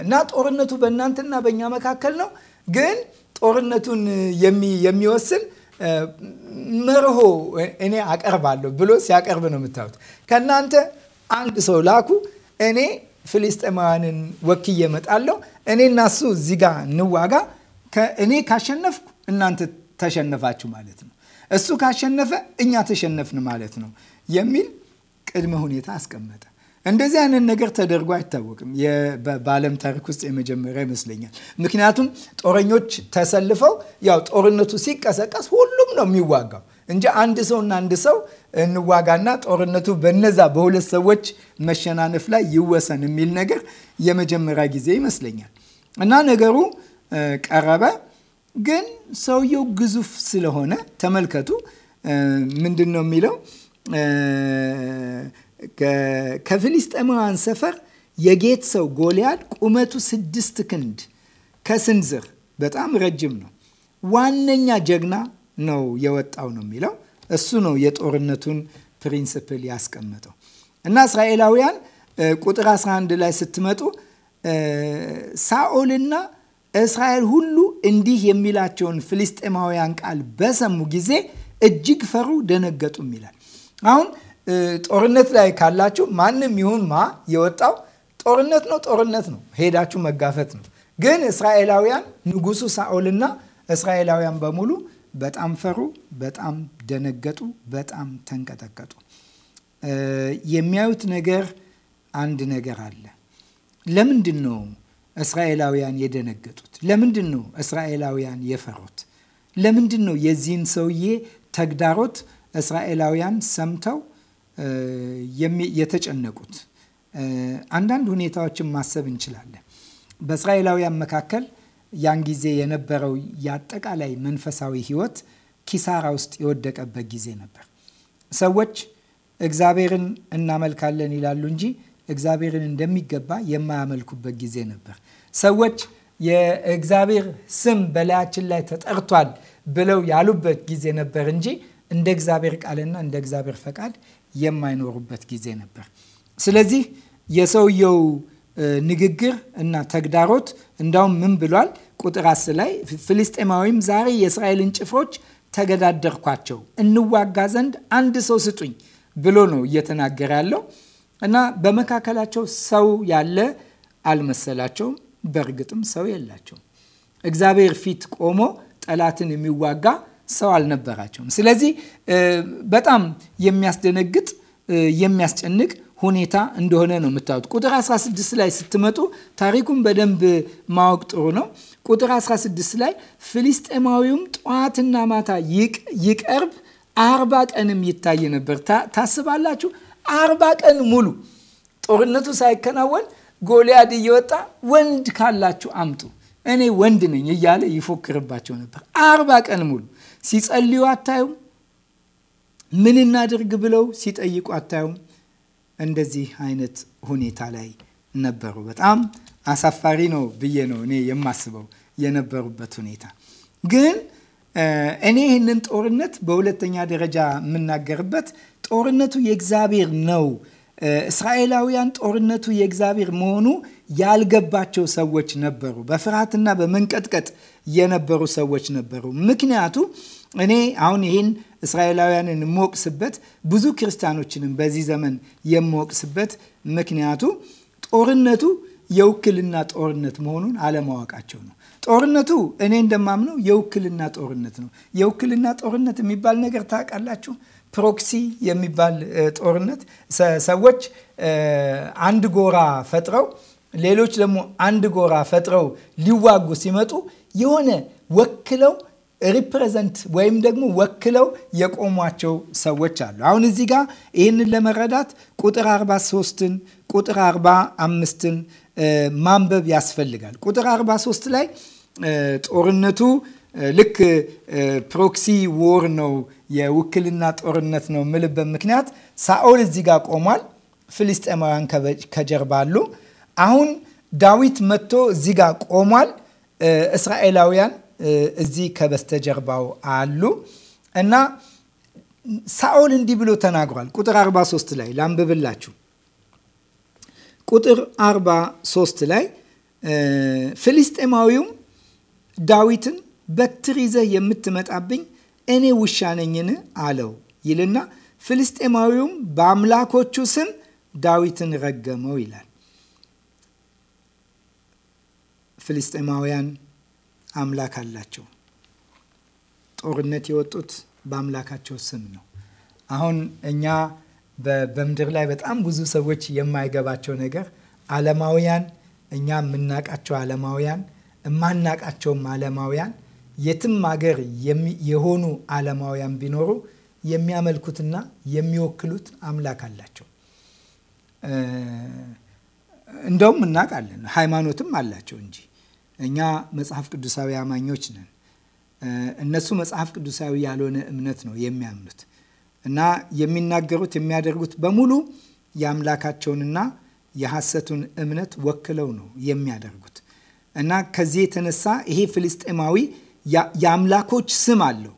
እና ጦርነቱ በእናንተና በእኛ መካከል ነው፣ ግን ጦርነቱን የሚወስን መርሆ እኔ አቀርባለሁ ብሎ ሲያቀርብ ነው የምታዩት። ከእናንተ አንድ ሰው ላኩ፣ እኔ ፍልስጤማውያንን ወክዬ እመጣለሁ፣ እኔ እና እሱ እዚህ ጋር እንዋጋ፣ እኔ ካሸነፍኩ እናንተ ተሸነፋችሁ ማለት ነው። እሱ ካሸነፈ እኛ ተሸነፍን ማለት ነው የሚል ቅድመ ሁኔታ አስቀመጠ። እንደዚህ አይነት ነገር ተደርጎ አይታወቅም። በዓለም ታሪክ ውስጥ የመጀመሪያ ይመስለኛል። ምክንያቱም ጦረኞች ተሰልፈው ያው ጦርነቱ ሲቀሰቀስ ሁሉም ነው የሚዋጋው እንጂ አንድ ሰውና አንድ ሰው እንዋጋና ጦርነቱ በነዛ በሁለት ሰዎች መሸናነፍ ላይ ይወሰን የሚል ነገር የመጀመሪያ ጊዜ ይመስለኛል እና ነገሩ ቀረበ። ግን ሰውየው ግዙፍ ስለሆነ ተመልከቱ፣ ምንድን ነው የሚለው? ከፍልስጤማውያን ሰፈር የጌት ሰው ጎልያድ ቁመቱ ስድስት ክንድ ከስንዝር በጣም ረጅም ነው፣ ዋነኛ ጀግና ነው የወጣው ነው የሚለው። እሱ ነው የጦርነቱን ፕሪንስፕል ያስቀመጠው እና እስራኤላውያን ቁጥር 11 ላይ ስትመጡ ሳኦልና እስራኤል ሁሉ እንዲህ የሚላቸውን ፍልስጤማውያን ቃል በሰሙ ጊዜ እጅግ ፈሩ፣ ደነገጡም ይላል። አሁን ጦርነት ላይ ካላችሁ ማንም ይሁን ማ የወጣው ጦርነት ነው፣ ጦርነት ነው፣ ሄዳችሁ መጋፈጥ ነው። ግን እስራኤላውያን ንጉሱ ሳኦልና እስራኤላውያን በሙሉ በጣም ፈሩ፣ በጣም ደነገጡ፣ በጣም ተንቀጠቀጡ። የሚያዩት ነገር አንድ ነገር አለ። ለምንድን ነው እስራኤላውያን የደነገጡት? ለምንድን ነው እስራኤላውያን የፈሩት? ለምንድን ነው የዚህን ሰውዬ ተግዳሮት እስራኤላውያን ሰምተው የተጨነቁት? አንዳንድ ሁኔታዎችን ማሰብ እንችላለን። በእስራኤላውያን መካከል ያን ጊዜ የነበረው የአጠቃላይ መንፈሳዊ ሕይወት ኪሳራ ውስጥ የወደቀበት ጊዜ ነበር። ሰዎች እግዚአብሔርን እናመልካለን ይላሉ እንጂ እግዚአብሔርን እንደሚገባ የማያመልኩበት ጊዜ ነበር። ሰዎች የእግዚአብሔር ስም በላያችን ላይ ተጠርቷል ብለው ያሉበት ጊዜ ነበር እንጂ እንደ እግዚአብሔር ቃልና እንደ እግዚአብሔር ፈቃድ የማይኖሩበት ጊዜ ነበር። ስለዚህ የሰውየው ንግግር እና ተግዳሮት እንዳውም ምን ብሏል? ቁጥር አስር ላይ ፍልስጤማዊም ዛሬ የእስራኤልን ጭፍሮች ተገዳደርኳቸው፣ እንዋጋ ዘንድ አንድ ሰው ስጡኝ ብሎ ነው እየተናገረ ያለው። እና በመካከላቸው ሰው ያለ አልመሰላቸውም። በእርግጥም ሰው የላቸውም። እግዚአብሔር ፊት ቆሞ ጠላትን የሚዋጋ ሰው አልነበራቸውም። ስለዚህ በጣም የሚያስደነግጥ የሚያስጨንቅ ሁኔታ እንደሆነ ነው የምታዩት። ቁጥር 16 ላይ ስትመጡ ታሪኩን በደንብ ማወቅ ጥሩ ነው። ቁጥር 16 ላይ ፊልስጤማዊውም ጠዋትና ማታ ይቀርብ አርባ ቀንም ይታይ ነበር። ታስባላችሁ አርባ ቀን ሙሉ ጦርነቱ ሳይከናወን ጎልያድ እየወጣ ወንድ ካላችሁ አምጡ፣ እኔ ወንድ ነኝ እያለ ይፎክርባቸው ነበር። አርባ ቀን ሙሉ ሲጸልዩ አታዩም። ምን እናድርግ ብለው ሲጠይቁ አታዩም። እንደዚህ አይነት ሁኔታ ላይ ነበሩ። በጣም አሳፋሪ ነው ብዬ ነው እኔ የማስበው የነበሩበት ሁኔታ ግን እኔ ይህንን ጦርነት በሁለተኛ ደረጃ የምናገርበት ጦርነቱ የእግዚአብሔር ነው፣ እስራኤላውያን ጦርነቱ የእግዚአብሔር መሆኑ ያልገባቸው ሰዎች ነበሩ። በፍርሃትና በመንቀጥቀጥ የነበሩ ሰዎች ነበሩ። ምክንያቱ እኔ አሁን ይህን እስራኤላውያንን የምወቅስበት ብዙ ክርስቲያኖችንም በዚህ ዘመን የምወቅስበት ምክንያቱ ጦርነቱ የውክልና ጦርነት መሆኑን አለማወቃቸው ነው። ጦርነቱ እኔ እንደማምነው የውክልና ጦርነት ነው። የውክልና ጦርነት የሚባል ነገር ታውቃላችሁ? ፕሮክሲ የሚባል ጦርነት ሰዎች አንድ ጎራ ፈጥረው ሌሎች ደግሞ አንድ ጎራ ፈጥረው ሊዋጉ ሲመጡ የሆነ ወክለው ሪፕሬዘንት ወይም ደግሞ ወክለው የቆሟቸው ሰዎች አሉ። አሁን እዚህ ጋር ይህንን ለመረዳት ቁጥር 43ን ቁጥር 45ን ማንበብ ያስፈልጋል። ቁጥር 43 ላይ ጦርነቱ ልክ ፕሮክሲ ዎር ነው የውክልና ጦርነት ነው ምልበት ምክንያት ሳኦል እዚህ ጋር ቆሟል። ፍልስጤማውያን ከጀርባ አሉ። አሁን ዳዊት መጥቶ እዚህ ጋር ቆሟል። እስራኤላውያን እዚህ ከበስተጀርባው አሉ እና ሳኦል እንዲህ ብሎ ተናግሯል። ቁጥር 43 ላይ ላንብብላችሁ። ቁጥር 43 ላይ ፍልስጤማዊውም ዳዊትን በትር ይዘህ የምትመጣብኝ እኔ ውሻ ነኝን? አለው ይልና ፍልስጤማዊውም በአምላኮቹ ስም ዳዊትን ረገመው ይላል። ፍልስጤማውያን አምላክ አላቸው። ጦርነት የወጡት በአምላካቸው ስም ነው። አሁን እኛ በምድር ላይ በጣም ብዙ ሰዎች የማይገባቸው ነገር ዓለማውያን፣ እኛ የምናቃቸው ዓለማውያን፣ የማናቃቸውም ዓለማውያን የትም ሀገር የሆኑ ዓለማውያን ቢኖሩ የሚያመልኩትና የሚወክሉት አምላክ አላቸው። እንደውም እናውቃለን፣ ሃይማኖትም አላቸው እንጂ እኛ መጽሐፍ ቅዱሳዊ አማኞች ነን። እነሱ መጽሐፍ ቅዱሳዊ ያልሆነ እምነት ነው የሚያምኑት እና የሚናገሩት የሚያደርጉት በሙሉ የአምላካቸውንና የሐሰቱን እምነት ወክለው ነው የሚያደርጉት እና ከዚህ የተነሳ ይሄ ፍልስጤማዊ የአምላኮች ስም አለው።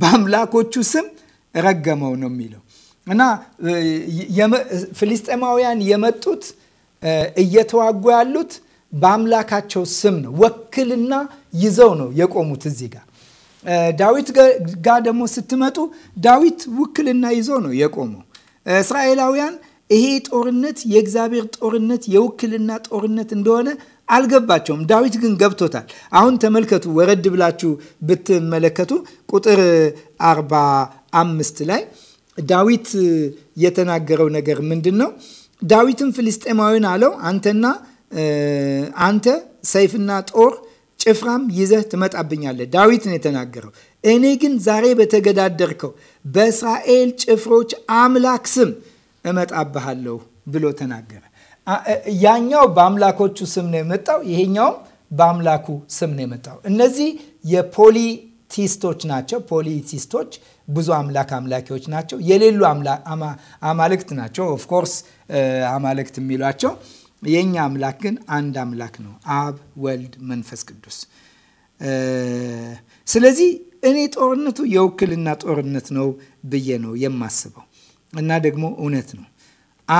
በአምላኮቹ ስም ረገመው ነው የሚለው እና ፍልስጤማውያን የመጡት እየተዋጉ ያሉት በአምላካቸው ስም ነው። ወክልና ይዘው ነው የቆሙት። እዚህ ጋር ዳዊት ጋር ደግሞ ስትመጡ ዳዊት ውክልና ይዞ ነው የቆመው። እስራኤላውያን ይሄ ጦርነት የእግዚአብሔር ጦርነት የውክልና ጦርነት እንደሆነ አልገባቸውም። ዳዊት ግን ገብቶታል። አሁን ተመልከቱ። ወረድ ብላችሁ ብትመለከቱ ቁጥር 45 ላይ ዳዊት የተናገረው ነገር ምንድን ነው? ዳዊትም ፍልስጤማዊን አለው አንተና አንተ ሰይፍና ጦር ጭፍራም ይዘህ ትመጣብኛለህ። ዳዊት ነው የተናገረው። እኔ ግን ዛሬ በተገዳደርከው በእስራኤል ጭፍሮች አምላክ ስም እመጣብሃለሁ ብሎ ተናገረ። ያኛው በአምላኮቹ ስም ነው የመጣው፣ ይሄኛውም በአምላኩ ስም ነው የመጣው። እነዚህ የፖሊቲስቶች ናቸው። ፖሊቲስቶች ብዙ አምላክ አምላኪዎች ናቸው። የሌሉ አማልክት ናቸው። ኦፍኮርስ አማልክት የሚሏቸው የእኛ አምላክ ግን አንድ አምላክ ነው፣ አብ ወልድ መንፈስ ቅዱስ። ስለዚህ እኔ ጦርነቱ የውክልና ጦርነት ነው ብዬ ነው የማስበው እና ደግሞ እውነት ነው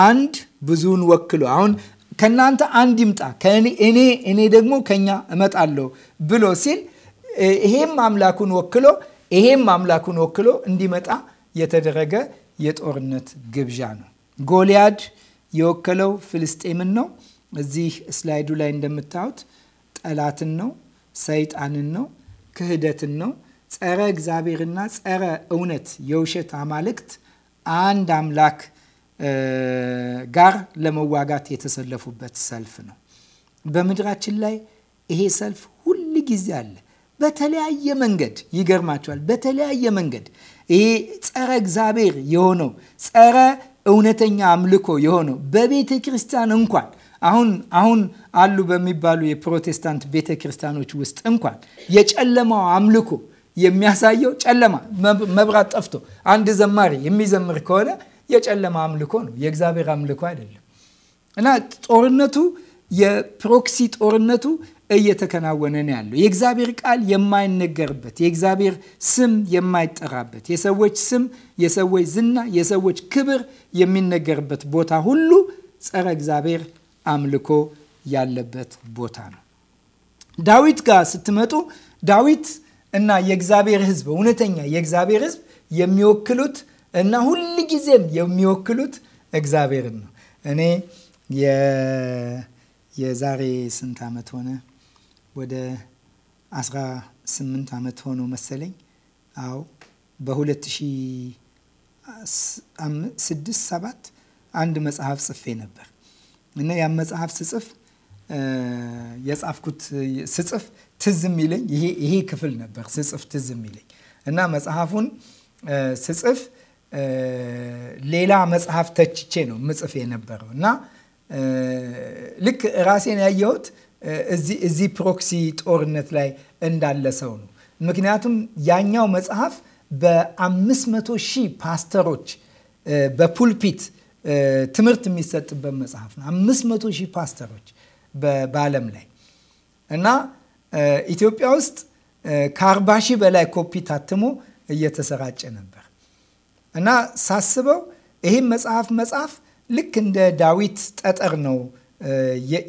አንድ ብዙውን ወክሎ አሁን ከእናንተ አንድ ይምጣ እኔ እኔ ደግሞ ከኛ እመጣለሁ ብሎ ሲል ይሄም አምላኩን ወክሎ ይሄም አምላኩን ወክሎ እንዲመጣ የተደረገ የጦርነት ግብዣ ነው። ጎልያድ የወከለው ፍልስጤምን ነው። እዚህ ስላይዱ ላይ እንደምታዩት ጠላትን ነው፣ ሰይጣንን ነው፣ ክህደትን ነው፣ ጸረ እግዚአብሔርና ጸረ እውነት የውሸት አማልክት አንድ አምላክ ጋር ለመዋጋት የተሰለፉበት ሰልፍ ነው። በምድራችን ላይ ይሄ ሰልፍ ሁል ጊዜ አለ። በተለያየ መንገድ ይገርማቸዋል። በተለያየ መንገድ ይሄ ጸረ እግዚአብሔር የሆነው ጸረ እውነተኛ አምልኮ የሆነው በቤተ ክርስቲያን እንኳን አሁን አሁን አሉ በሚባሉ የፕሮቴስታንት ቤተ ክርስቲያኖች ውስጥ እንኳን የጨለማው አምልኮ የሚያሳየው ጨለማ መብራት ጠፍቶ አንድ ዘማሪ የሚዘምር ከሆነ የጨለማ አምልኮ ነው፣ የእግዚአብሔር አምልኮ አይደለም። እና ጦርነቱ የፕሮክሲ ጦርነቱ እየተከናወነ ነው ያለው። የእግዚአብሔር ቃል የማይነገርበት፣ የእግዚአብሔር ስም የማይጠራበት፣ የሰዎች ስም፣ የሰዎች ዝና፣ የሰዎች ክብር የሚነገርበት ቦታ ሁሉ ጸረ እግዚአብሔር አምልኮ ያለበት ቦታ ነው። ዳዊት ጋር ስትመጡ ዳዊት እና የእግዚአብሔር ሕዝብ እውነተኛ የእግዚአብሔር ሕዝብ የሚወክሉት እና ሁል ጊዜም የሚወክሉት እግዚአብሔርን ነው። እኔ የዛሬ ስንት ዓመት ሆነ? ወደ 18 ዓመት ሆኖ መሰለኝ። አዎ በ2006 7 አንድ መጽሐፍ ጽፌ ነበር እና ያን መጽሐፍ ስጽፍ የጻፍኩት ስጽፍ ትዝ የሚለኝ ይሄ ክፍል ነበር ስጽፍ ትዝ የሚለኝ እና መጽሐፉን ስጽፍ ሌላ መጽሐፍ ተችቼ ነው ምጽፍ የነበረው እና ልክ ራሴን ያየሁት እዚህ ፕሮክሲ ጦርነት ላይ እንዳለ ሰው ነው። ምክንያቱም ያኛው መጽሐፍ በ500 ሺህ ፓስተሮች በፑልፒት ትምህርት የሚሰጥበት መጽሐፍ ነው። 500 ሺህ ፓስተሮች በዓለም ላይ እና ኢትዮጵያ ውስጥ ከ40 ሺህ በላይ ኮፒ ታትሞ እየተሰራጨ ነበር እና ሳስበው ይህም መጽሐፍ መጽሐፍ ልክ እንደ ዳዊት ጠጠር ነው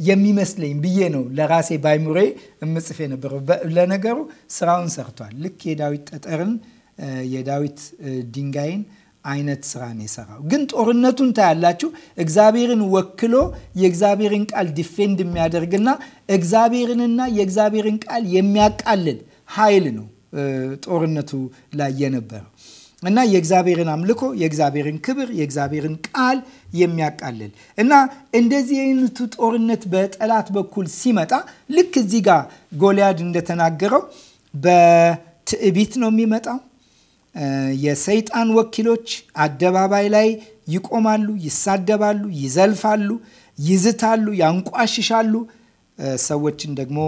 የሚመስለኝ ብዬ ነው ለራሴ ባይሙሬ የምጽፍ የነበረው። ለነገሩ ስራውን ሰርቷል። ልክ የዳዊት ጠጠርን የዳዊት ድንጋይን አይነት ስራ ነው የሰራው። ግን ጦርነቱን ታያላችሁ። እግዚአብሔርን ወክሎ የእግዚአብሔርን ቃል ዲፌንድ የሚያደርግና እግዚአብሔርንና የእግዚአብሔርን ቃል የሚያቃልል ኃይል ነው ጦርነቱ ላይ የነበረው እና የእግዚአብሔርን አምልኮ፣ የእግዚአብሔርን ክብር፣ የእግዚአብሔርን ቃል የሚያቃልል እና እንደዚህ አይነቱ ጦርነት በጠላት በኩል ሲመጣ ልክ እዚህ ጋር ጎልያድ እንደተናገረው በትዕቢት ነው የሚመጣው። የሰይጣን ወኪሎች አደባባይ ላይ ይቆማሉ፣ ይሳደባሉ፣ ይዘልፋሉ፣ ይዝታሉ፣ ያንቋሽሻሉ። ሰዎችን ደግሞ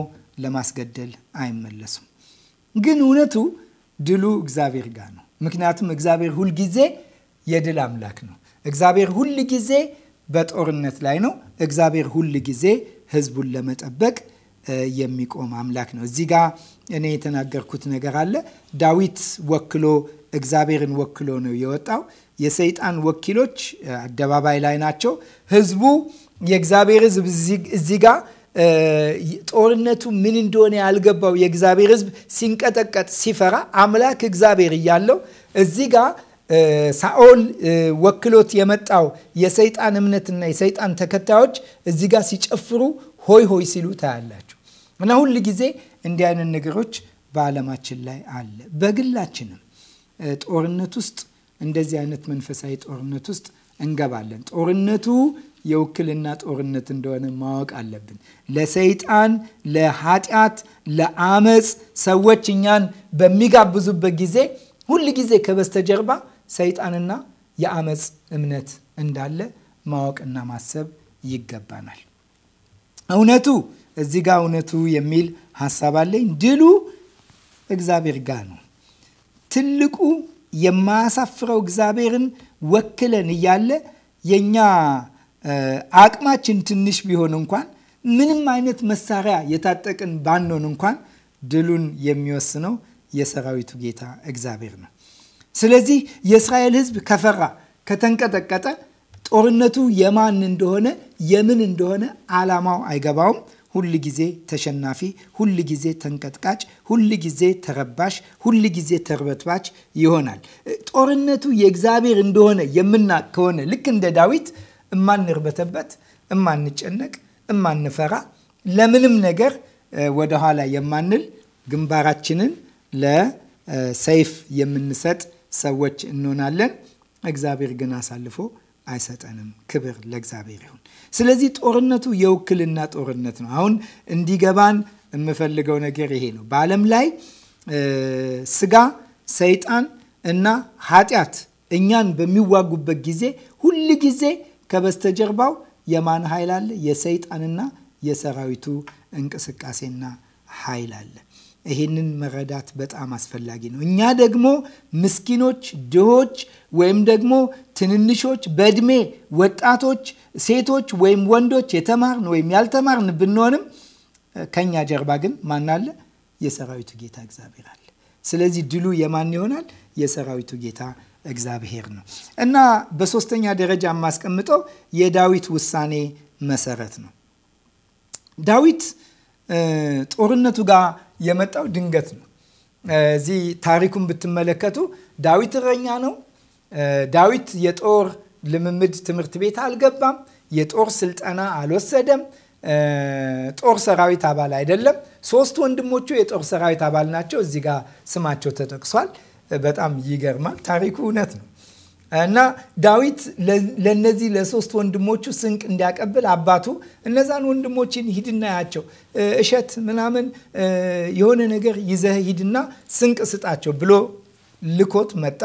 ለማስገደል አይመለሱም። ግን እውነቱ ድሉ እግዚአብሔር ጋር ነው። ምክንያቱም እግዚአብሔር ሁልጊዜ የድል አምላክ ነው። እግዚአብሔር ሁል ጊዜ በጦርነት ላይ ነው። እግዚአብሔር ሁል ጊዜ ህዝቡን ለመጠበቅ የሚቆም አምላክ ነው። እዚህ ጋ እኔ የተናገርኩት ነገር አለ። ዳዊት ወክሎ እግዚአብሔርን ወክሎ ነው የወጣው። የሰይጣን ወኪሎች አደባባይ ላይ ናቸው። ህዝቡ የእግዚአብሔር ህዝብ እዚህ ጋር ጦርነቱ ምን እንደሆነ ያልገባው የእግዚአብሔር ሕዝብ ሲንቀጠቀጥ ሲፈራ አምላክ እግዚአብሔር እያለው እዚህ ጋር ሳኦል ወክሎት የመጣው የሰይጣን እምነትና የሰይጣን ተከታዮች እዚህ ጋር ሲጨፍሩ ሆይ ሆይ ሲሉ ታያላችሁ። እና ሁል ጊዜ እንዲህ አይነት ነገሮች በዓለማችን ላይ አለ። በግላችንም ጦርነት ውስጥ እንደዚህ አይነት መንፈሳዊ ጦርነት ውስጥ እንገባለን። ጦርነቱ የውክልና ጦርነት እንደሆነ ማወቅ አለብን። ለሰይጣን፣ ለኃጢአት፣ ለአመፅ ሰዎች እኛን በሚጋብዙበት ጊዜ ሁል ጊዜ ከበስተጀርባ ሰይጣንና የአመፅ እምነት እንዳለ ማወቅና ማሰብ ይገባናል። እውነቱ እዚህ ጋር እውነቱ የሚል ሀሳብ አለኝ። ድሉ እግዚአብሔር ጋር ነው። ትልቁ የማያሳፍረው እግዚአብሔርን ወክለን እያለ የእኛ አቅማችን ትንሽ ቢሆን እንኳን ምንም አይነት መሳሪያ የታጠቅን ባንሆን እንኳን ድሉን የሚወስነው የሰራዊቱ ጌታ እግዚአብሔር ነው። ስለዚህ የእስራኤል ሕዝብ ከፈራ ከተንቀጠቀጠ፣ ጦርነቱ የማን እንደሆነ የምን እንደሆነ ዓላማው አይገባውም። ሁል ጊዜ ተሸናፊ፣ ሁል ጊዜ ተንቀጥቃጭ፣ ሁል ጊዜ ተረባሽ፣ ሁል ጊዜ ተርበትባች ይሆናል። ጦርነቱ የእግዚአብሔር እንደሆነ የምናቅ ከሆነ ልክ እንደ ዳዊት እማንርበተበት፣ እማንጨነቅ፣ እማንፈራ ለምንም ነገር ወደኋላ የማንል ግንባራችንን ለሰይፍ የምንሰጥ ሰዎች እንሆናለን። እግዚአብሔር ግን አሳልፎ አይሰጠንም። ክብር ለእግዚአብሔር ይሁን። ስለዚህ ጦርነቱ የውክልና ጦርነት ነው። አሁን እንዲገባን የምፈልገው ነገር ይሄ ነው። በዓለም ላይ ስጋ፣ ሰይጣን እና ኃጢአት እኛን በሚዋጉበት ጊዜ ሁል ጊዜ ከበስተጀርባው የማን ኃይል አለ? የሰይጣንና የሰራዊቱ እንቅስቃሴና ኃይል አለ። ይህንን መረዳት በጣም አስፈላጊ ነው። እኛ ደግሞ ምስኪኖች፣ ድሆች ወይም ደግሞ ትንንሾች፣ በእድሜ ወጣቶች፣ ሴቶች ወይም ወንዶች፣ የተማርን ወይም ያልተማርን ብንሆንም ከኛ ጀርባ ግን ማን አለ? የሰራዊቱ ጌታ እግዚአብሔር አለ። ስለዚህ ድሉ የማን ይሆናል? የሰራዊቱ ጌታ እግዚአብሔር ነው እና በሶስተኛ ደረጃ የማስቀምጠው የዳዊት ውሳኔ መሰረት ነው። ዳዊት ጦርነቱ ጋር የመጣው ድንገት ነው። እዚህ ታሪኩን ብትመለከቱ ዳዊት እረኛ ነው። ዳዊት የጦር ልምምድ ትምህርት ቤት አልገባም። የጦር ስልጠና አልወሰደም። ጦር ሰራዊት አባል አይደለም። ሶስት ወንድሞቹ የጦር ሰራዊት አባል ናቸው። እዚህ ጋር ስማቸው ተጠቅሷል። በጣም ይገርማል። ታሪኩ እውነት ነው እና ዳዊት ለነዚህ ለሶስት ወንድሞቹ ስንቅ እንዲያቀብል አባቱ እነዛን ወንድሞችን ሂድና ያቸው እሸት ምናምን የሆነ ነገር ይዘህ ሂድና ስንቅ ስጣቸው ብሎ ልኮት መጣ።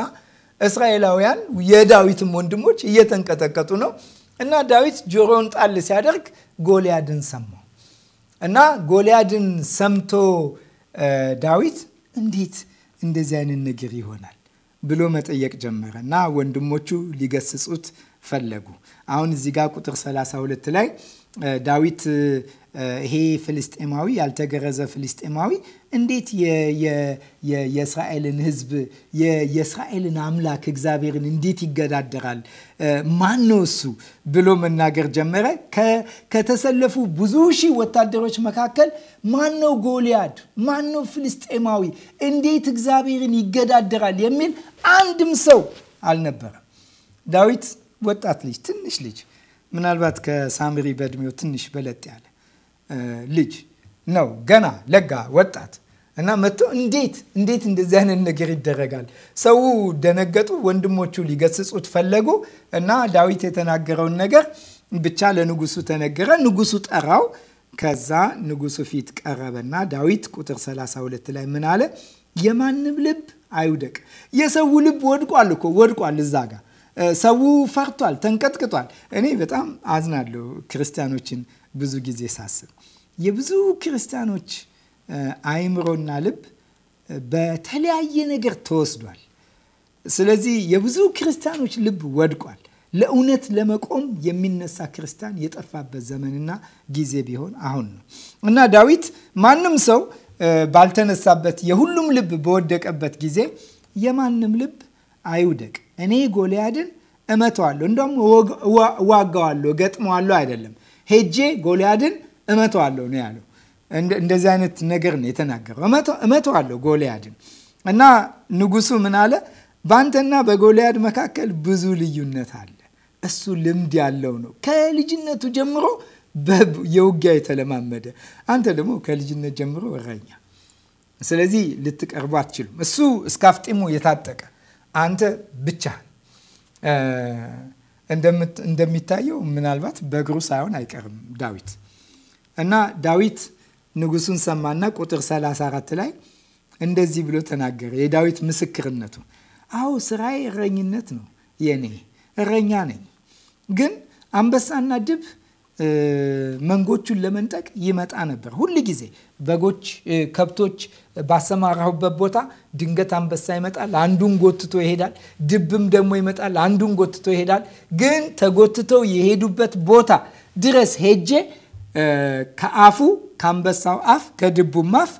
እስራኤላውያን የዳዊትም ወንድሞች እየተንቀጠቀጡ ነው እና ዳዊት ጆሮውን ጣል ሲያደርግ ጎልያድን ሰማው እና ጎልያድን ሰምቶ ዳዊት እንዴት እንደዚህ አይነት ነገር ይሆናል ብሎ መጠየቅ ጀመረ እና ወንድሞቹ ሊገስጹት ፈለጉ። አሁን እዚህ ጋር ቁጥር 32 ላይ ዳዊት ይሄ ፍልስጤማዊ ያልተገረዘ ፍልስጤማዊ እንዴት የእስራኤልን ሕዝብ የእስራኤልን አምላክ እግዚአብሔርን እንዴት ይገዳደራል? ማን ነው እሱ ብሎ መናገር ጀመረ። ከተሰለፉ ብዙ ሺህ ወታደሮች መካከል ማን ነው ጎልያድ? ማን ነው ፍልስጤማዊ? እንዴት እግዚአብሔርን ይገዳደራል የሚል አንድም ሰው አልነበረም። ዳዊት ወጣት ልጅ ትንሽ ልጅ ምናልባት ከሳምሪ በእድሜው ትንሽ በለጥ ያለ ልጅ ነው ገና ለጋ ወጣት እና መጥቶ እንዴት እንዴት እንደዚህ አይነት ነገር ይደረጋል? ሰው ደነገጡ። ወንድሞቹ ሊገስጹት ፈለጉ እና ዳዊት የተናገረውን ነገር ብቻ ለንጉሱ ተነገረ። ንጉሱ ጠራው። ከዛ ንጉሱ ፊት ቀረበና ዳዊት ቁጥር 32 ላይ ምን አለ? የማንም ልብ አይውደቅ። የሰው ልብ ወድቋል እኮ ወድቋል እዛ ጋር ሰው ፈርቷል፣ ተንቀጥቅጧል። እኔ በጣም አዝናለሁ ክርስቲያኖችን ብዙ ጊዜ ሳስብ የብዙ ክርስቲያኖች አይምሮና ልብ በተለያየ ነገር ተወስዷል። ስለዚህ የብዙ ክርስቲያኖች ልብ ወድቋል። ለእውነት ለመቆም የሚነሳ ክርስቲያን የጠፋበት ዘመንና ጊዜ ቢሆን አሁን ነው እና ዳዊት ማንም ሰው ባልተነሳበት የሁሉም ልብ በወደቀበት ጊዜ የማንም ልብ አይውደቅ። እኔ ጎልያድን እመተዋለሁ፣ እንደውም እዋጋዋለሁ፣ እገጥመዋለሁ አይደለም፣ ሄጄ ጎልያድን እመተዋለሁ ነው ያለው። እንደዚህ አይነት ነገር ነው የተናገረው። እመተዋለሁ ጎልያድን እና ንጉሱ ምን አለ? በአንተና በጎልያድ መካከል ብዙ ልዩነት አለ። እሱ ልምድ ያለው ነው ከልጅነቱ ጀምሮ የውጊያ የተለማመደ አንተ ደግሞ ከልጅነት ጀምሮ እረኛ። ስለዚህ ልትቀርቡ አትችሉም። እሱ እስከ የታጠቀ አንተ ብቻ እንደሚታየው ምናልባት በእግሩ ሳይሆን አይቀርም ዳዊት እና ዳዊት ንጉሱን ሰማና ቁጥር 34 ላይ እንደዚህ ብሎ ተናገረ። የዳዊት ምስክርነቱ አዎ ስራዬ እረኝነት ነው፣ የኔ እረኛ ነኝ። ግን አንበሳና ድብ መንጎቹን ለመንጠቅ ይመጣ ነበር። ሁል ጊዜ በጎች፣ ከብቶች ባሰማራሁበት ቦታ ድንገት አንበሳ ይመጣል፣ አንዱን ጎትቶ ይሄዳል። ድብም ደግሞ ይመጣል፣ አንዱን ጎትቶ ይሄዳል። ግን ተጎትተው የሄዱበት ቦታ ድረስ ሄጄ ከአፉ ከአንበሳው አፍ ከድቡም አፍ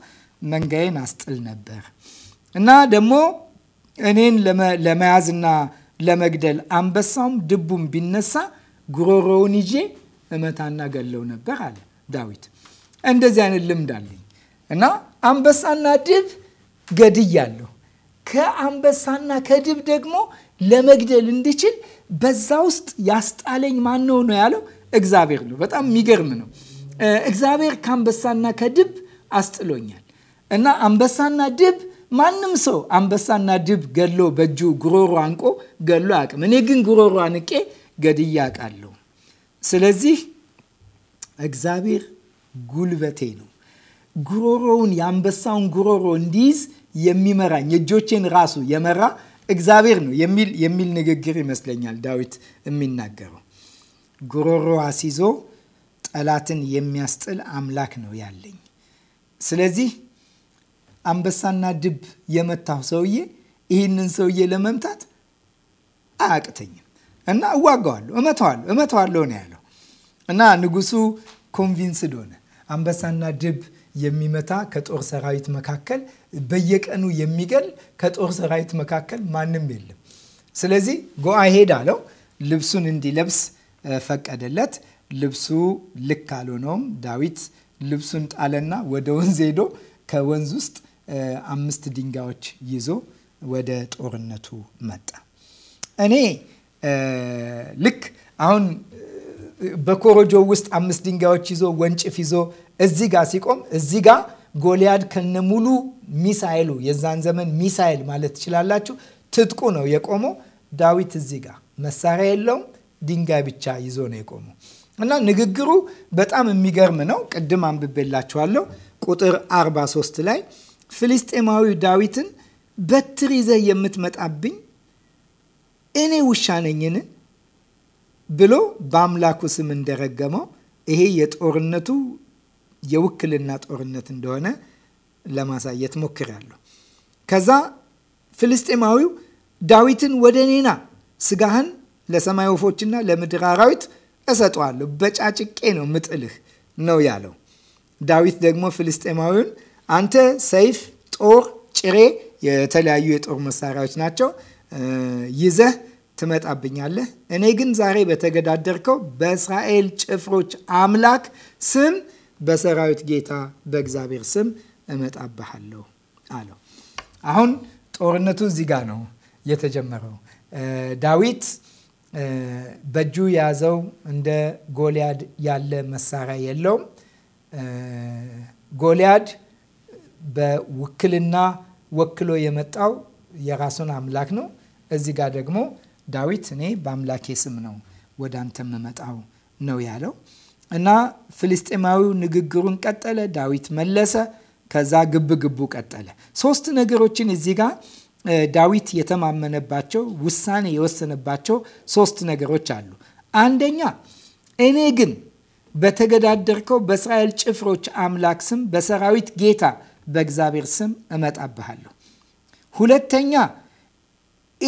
መንጋዬን አስጥል ነበር እና ደግሞ እኔን ለመያዝና ለመግደል አንበሳውም ድቡም ቢነሳ ጉሮሮውን ይዤ እመታና ገለው ነበር አለ ዳዊት። እንደዚህ አይነት ልምድ አለኝ። እና አንበሳና ድብ ገድያለሁ። ከአንበሳና ከድብ ደግሞ ለመግደል እንድችል በዛ ውስጥ ያስጣለኝ ማን ነው ነው ያለው? እግዚአብሔር ነው። በጣም የሚገርም ነው። እግዚአብሔር ከአንበሳና ከድብ አስጥሎኛል እና አንበሳና ድብ ማንም ሰው አንበሳና ድብ ገሎ በእጁ ጉሮሮ አንቆ ገሎ አያውቅም። እኔ ግን ጉሮሮ አንቄ ገድዬ አውቃለሁ። ስለዚህ እግዚአብሔር ጉልበቴ ነው። ጉሮሮውን የአንበሳውን ጉሮሮ እንዲይዝ የሚመራኝ እጆቼን ራሱ የመራ እግዚአብሔር ነው የሚል የሚል ንግግር ይመስለኛል ዳዊት የሚናገረው። ጉሮሮ አስይዞ ጠላትን የሚያስጥል አምላክ ነው ያለኝ። ስለዚህ አንበሳና ድብ የመታው ሰውዬ ይህንን ሰውዬ ለመምታት አያቅተኝም እና እዋጋዋለሁ፣ እመተዋለሁ፣ እመተዋለሁ ነው ያለው እና ንጉሱ ኮንቪንስድ ሆነ አንበሳና ድብ የሚመታ ከጦር ሰራዊት መካከል በየቀኑ የሚገል ከጦር ሰራዊት መካከል ማንም የለም። ስለዚህ ጎአ ሄድ አለው። ልብሱን እንዲለብስ ፈቀደለት። ልብሱ ልክ አልሆነውም። ዳዊት ልብሱን ጣለና ወደ ወንዝ ሄዶ ከወንዝ ውስጥ አምስት ድንጋዮች ይዞ ወደ ጦርነቱ መጣ። እኔ ልክ አሁን በኮረጆ ውስጥ አምስት ድንጋዮች ይዞ ወንጭፍ ይዞ እዚ ጋ ሲቆም እዚ ጋ ጎልያድ ከነሙሉ ሚሳኤሉ የዛን ዘመን ሚሳኤል ማለት ትችላላችሁ ትጥቁ ነው የቆመው። ዳዊት እዚ ጋ መሳሪያ የለውም ድንጋይ ብቻ ይዞ ነው የቆመው እና ንግግሩ በጣም የሚገርም ነው። ቅድም አንብቤላችኋለሁ። ቁጥር 43 ላይ ፍልስጤማዊ ዳዊትን በትር ይዘህ የምትመጣብኝ እኔ ውሻ ነኝን? ብሎ በአምላኩ ስም እንደረገመው ይሄ የጦርነቱ የውክልና ጦርነት እንደሆነ ለማሳየት ሞክሬያለሁ። ከዛ ፍልስጤማዊው ዳዊትን ወደ እኔና ስጋህን ለሰማይ ወፎችና ለምድር አራዊት እሰጠዋለሁ፣ በጫጭቄ ነው ምጥልህ ነው ያለው። ዳዊት ደግሞ ፍልስጤማዊውን አንተ ሰይፍ፣ ጦር፣ ጭሬ የተለያዩ የጦር መሳሪያዎች ናቸው ይዘህ ትመጣብኛለህ። እኔ ግን ዛሬ በተገዳደርከው በእስራኤል ጭፍሮች አምላክ ስም በሰራዊት ጌታ በእግዚአብሔር ስም እመጣብሃለሁ አለው። አሁን ጦርነቱ እዚህ ጋር ነው የተጀመረው። ዳዊት በእጁ የያዘው እንደ ጎልያድ ያለ መሳሪያ የለውም። ጎልያድ በውክልና ወክሎ የመጣው የራሱን አምላክ ነው። እዚህ ጋር ደግሞ ዳዊት እኔ በአምላኬ ስም ነው ወደ አንተ የምመጣው ነው ያለው እና ፍልስጤማዊው ንግግሩን ቀጠለ። ዳዊት መለሰ። ከዛ ግብ ግቡ ቀጠለ። ሶስት ነገሮችን እዚህ ጋር ዳዊት የተማመነባቸው ውሳኔ የወሰነባቸው ሶስት ነገሮች አሉ። አንደኛ እኔ ግን በተገዳደርከው በእስራኤል ጭፍሮች አምላክ ስም በሰራዊት ጌታ በእግዚአብሔር ስም እመጣብሃለሁ። ሁለተኛ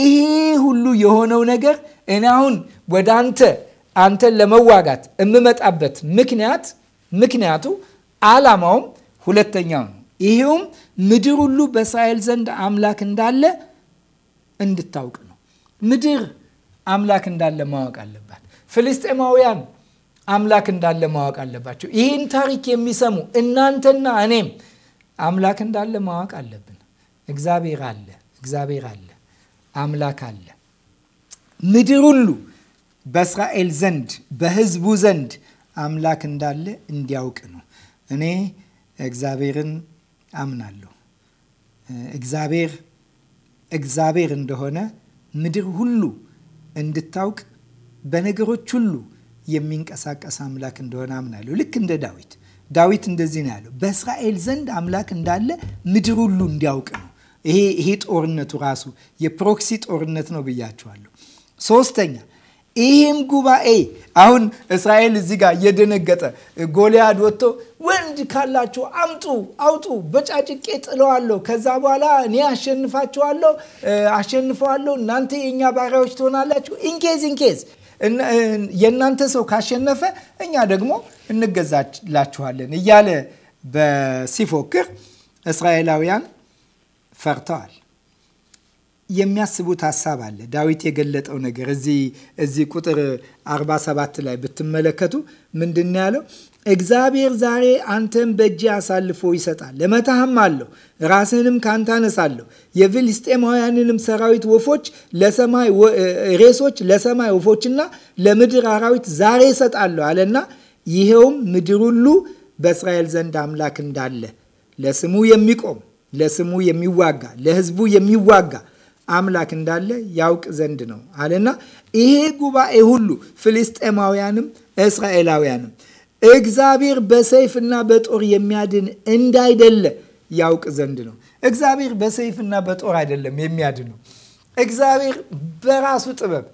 ይሄ ሁሉ የሆነው ነገር እኔ አሁን ወደ አንተ አንተን ለመዋጋት የምመጣበት ምክንያት ምክንያቱ አላማውም ሁለተኛው ነው። ይሄውም ምድር ሁሉ በእስራኤል ዘንድ አምላክ እንዳለ እንድታውቅ ነው። ምድር አምላክ እንዳለ ማወቅ አለባት። ፍልስጤማውያን አምላክ እንዳለ ማወቅ አለባቸው። ይህን ታሪክ የሚሰሙ እናንተና እኔም አምላክ እንዳለ ማወቅ አለብን። እግዚአብሔር አለ። እግዚአብሔር አለ። አምላክ አለ። ምድር ሁሉ በእስራኤል ዘንድ በህዝቡ ዘንድ አምላክ እንዳለ እንዲያውቅ ነው። እኔ እግዚአብሔርን አምናለሁ። እግዚአብሔር እግዚአብሔር እንደሆነ ምድር ሁሉ እንድታውቅ በነገሮች ሁሉ የሚንቀሳቀስ አምላክ እንደሆነ አምናለሁ። ልክ እንደ ዳዊት ዳዊት እንደዚህ ነው ያለው፣ በእስራኤል ዘንድ አምላክ እንዳለ ምድር ሁሉ እንዲያውቅ ነው። ይሄ ጦርነቱ ራሱ የፕሮክሲ ጦርነት ነው ብያችኋለሁ። ሶስተኛ ይህም ጉባኤ አሁን እስራኤል እዚህ ጋር እየደነገጠ ጎልያድ ወጥቶ ወንድ ካላችሁ አምጡ፣ አውጡ፣ በጫጭቄ ጥለዋለሁ፣ ከዛ በኋላ እኔ አሸንፋችኋለሁ፣ አሸንፈዋለሁ፣ እናንተ የእኛ ባሪያዎች ትሆናላችሁ። ኢንኬዝ ኢንኬዝ የእናንተ ሰው ካሸነፈ እኛ ደግሞ እንገዛላችኋለን እያለ በሲፎክር እስራኤላውያን ፈርተዋል። የሚያስቡት ሀሳብ አለ። ዳዊት የገለጠው ነገር እዚህ ቁጥር 47 ላይ ብትመለከቱ ምንድን ያለው? እግዚአብሔር ዛሬ አንተን በእጅ አሳልፎ ይሰጣል፣ እመታህም አለሁ፣ ራስህንም ካንተ አነሳለሁ፣ የፍልስጤማውያንንም ሰራዊት ወፎች ለሰማይ ሬሶች ለሰማይ ወፎችና ለምድር አራዊት ዛሬ ይሰጣለሁ አለና ይሄውም ምድር ሁሉ በእስራኤል ዘንድ አምላክ እንዳለ ለስሙ የሚቆም ለስሙ የሚዋጋ ለህዝቡ የሚዋጋ አምላክ እንዳለ ያውቅ ዘንድ ነው አለና ይሄ ጉባኤ ሁሉ ፍልስጤማውያንም እስራኤላውያንም እግዚአብሔር በሰይፍና በጦር የሚያድን እንዳይደለ ያውቅ ዘንድ ነው። እግዚአብሔር በሰይፍና በጦር አይደለም የሚያድነው። እግዚአብሔር በራሱ ጥበብ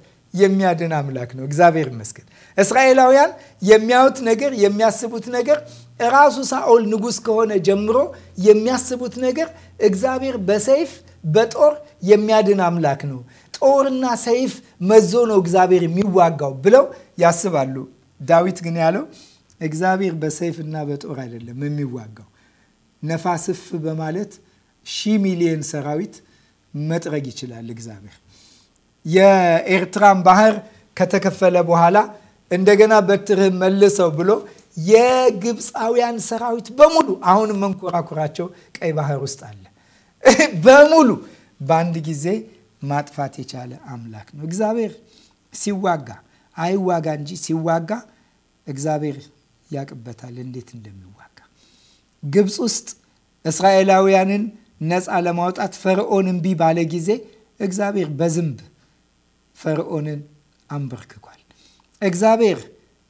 የሚያድን አምላክ ነው። እግዚአብሔር ይመስገን። እስራኤላውያን የሚያዩት ነገር፣ የሚያስቡት ነገር ራሱ ሳኦል ንጉሥ ከሆነ ጀምሮ የሚያስቡት ነገር እግዚአብሔር በሰይፍ በጦር የሚያድን አምላክ ነው፣ ጦርና ሰይፍ መዞ ነው እግዚአብሔር የሚዋጋው ብለው ያስባሉ። ዳዊት ግን ያለው እግዚአብሔር በሰይፍና በጦር አይደለም የሚዋጋው፣ ነፋስፍ በማለት ሺህ ሚሊዮን ሰራዊት መጥረግ ይችላል እግዚአብሔር የኤርትራን ባህር ከተከፈለ በኋላ እንደገና በትርህ መልሰው ብሎ የግብፃውያን ሰራዊት በሙሉ አሁን መንኮራኩራቸው ቀይ ባህር ውስጥ አለ በሙሉ በአንድ ጊዜ ማጥፋት የቻለ አምላክ ነው። እግዚአብሔር ሲዋጋ አይዋጋ እንጂ ሲዋጋ እግዚአብሔር ያቅበታል እንዴት እንደሚዋጋ። ግብፅ ውስጥ እስራኤላውያንን ነፃ ለማውጣት ፈርዖን እምቢ ባለ ጊዜ እግዚአብሔር በዝንብ ፈርዖንን አንበርክኳል። እግዚአብሔር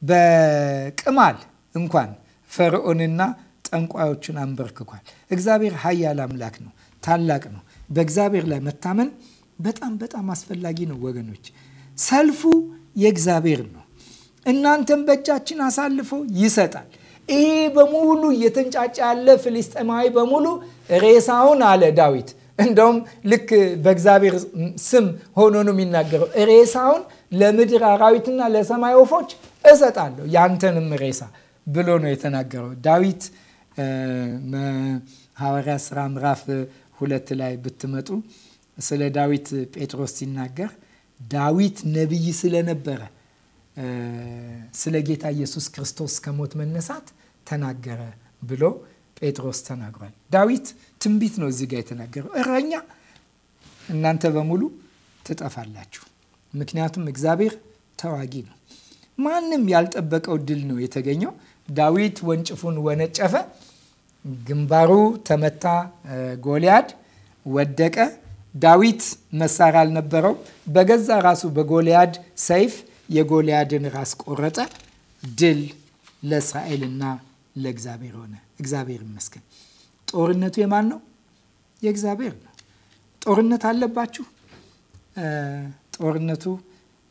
በቅማል እንኳን ፈርዖንና ጠንቋዮቹን አንበርክኳል። እግዚአብሔር ኃያል አምላክ ነው። ታላቅ ነው። በእግዚአብሔር ላይ መታመን በጣም በጣም አስፈላጊ ነው ወገኖች። ሰልፉ የእግዚአብሔር ነው። እናንተም በእጃችን አሳልፎ ይሰጣል። ይሄ በሙሉ እየተንጫጫ ያለ ፍልስጤማዊ በሙሉ ሬሳውን አለ ዳዊት እንደውም ልክ በእግዚአብሔር ስም ሆኖ ነው የሚናገረው። ሬሳውን ለምድር አራዊትና ለሰማይ ወፎች እሰጣለሁ ያንተንም ሬሳ ብሎ ነው የተናገረው። ዳዊት ሐዋርያ ስራ ምዕራፍ ሁለት ላይ ብትመጡ ስለ ዳዊት ጴጥሮስ ሲናገር ዳዊት ነቢይ ስለነበረ ስለ ጌታ ኢየሱስ ክርስቶስ ከሞት መነሳት ተናገረ ብሎ ጴጥሮስ ተናግሯል። ዳዊት ትንቢት ነው እዚህ ጋር የተናገረው። እረኛ እናንተ በሙሉ ትጠፋላችሁ፣ ምክንያቱም እግዚአብሔር ተዋጊ ነው። ማንም ያልጠበቀው ድል ነው የተገኘው። ዳዊት ወንጭፉን ወነጨፈ፣ ግንባሩ ተመታ፣ ጎልያድ ወደቀ። ዳዊት መሳሪያ አልነበረው። በገዛ ራሱ በጎልያድ ሰይፍ የጎልያድን ራስ ቆረጠ። ድል ለእስራኤልና ለእግዚአብሔር ሆነ። እግዚአብሔር ይመስገን። ጦርነቱ የማን ነው? የእግዚአብሔር ነው። ጦርነት አለባችሁ? ጦርነቱ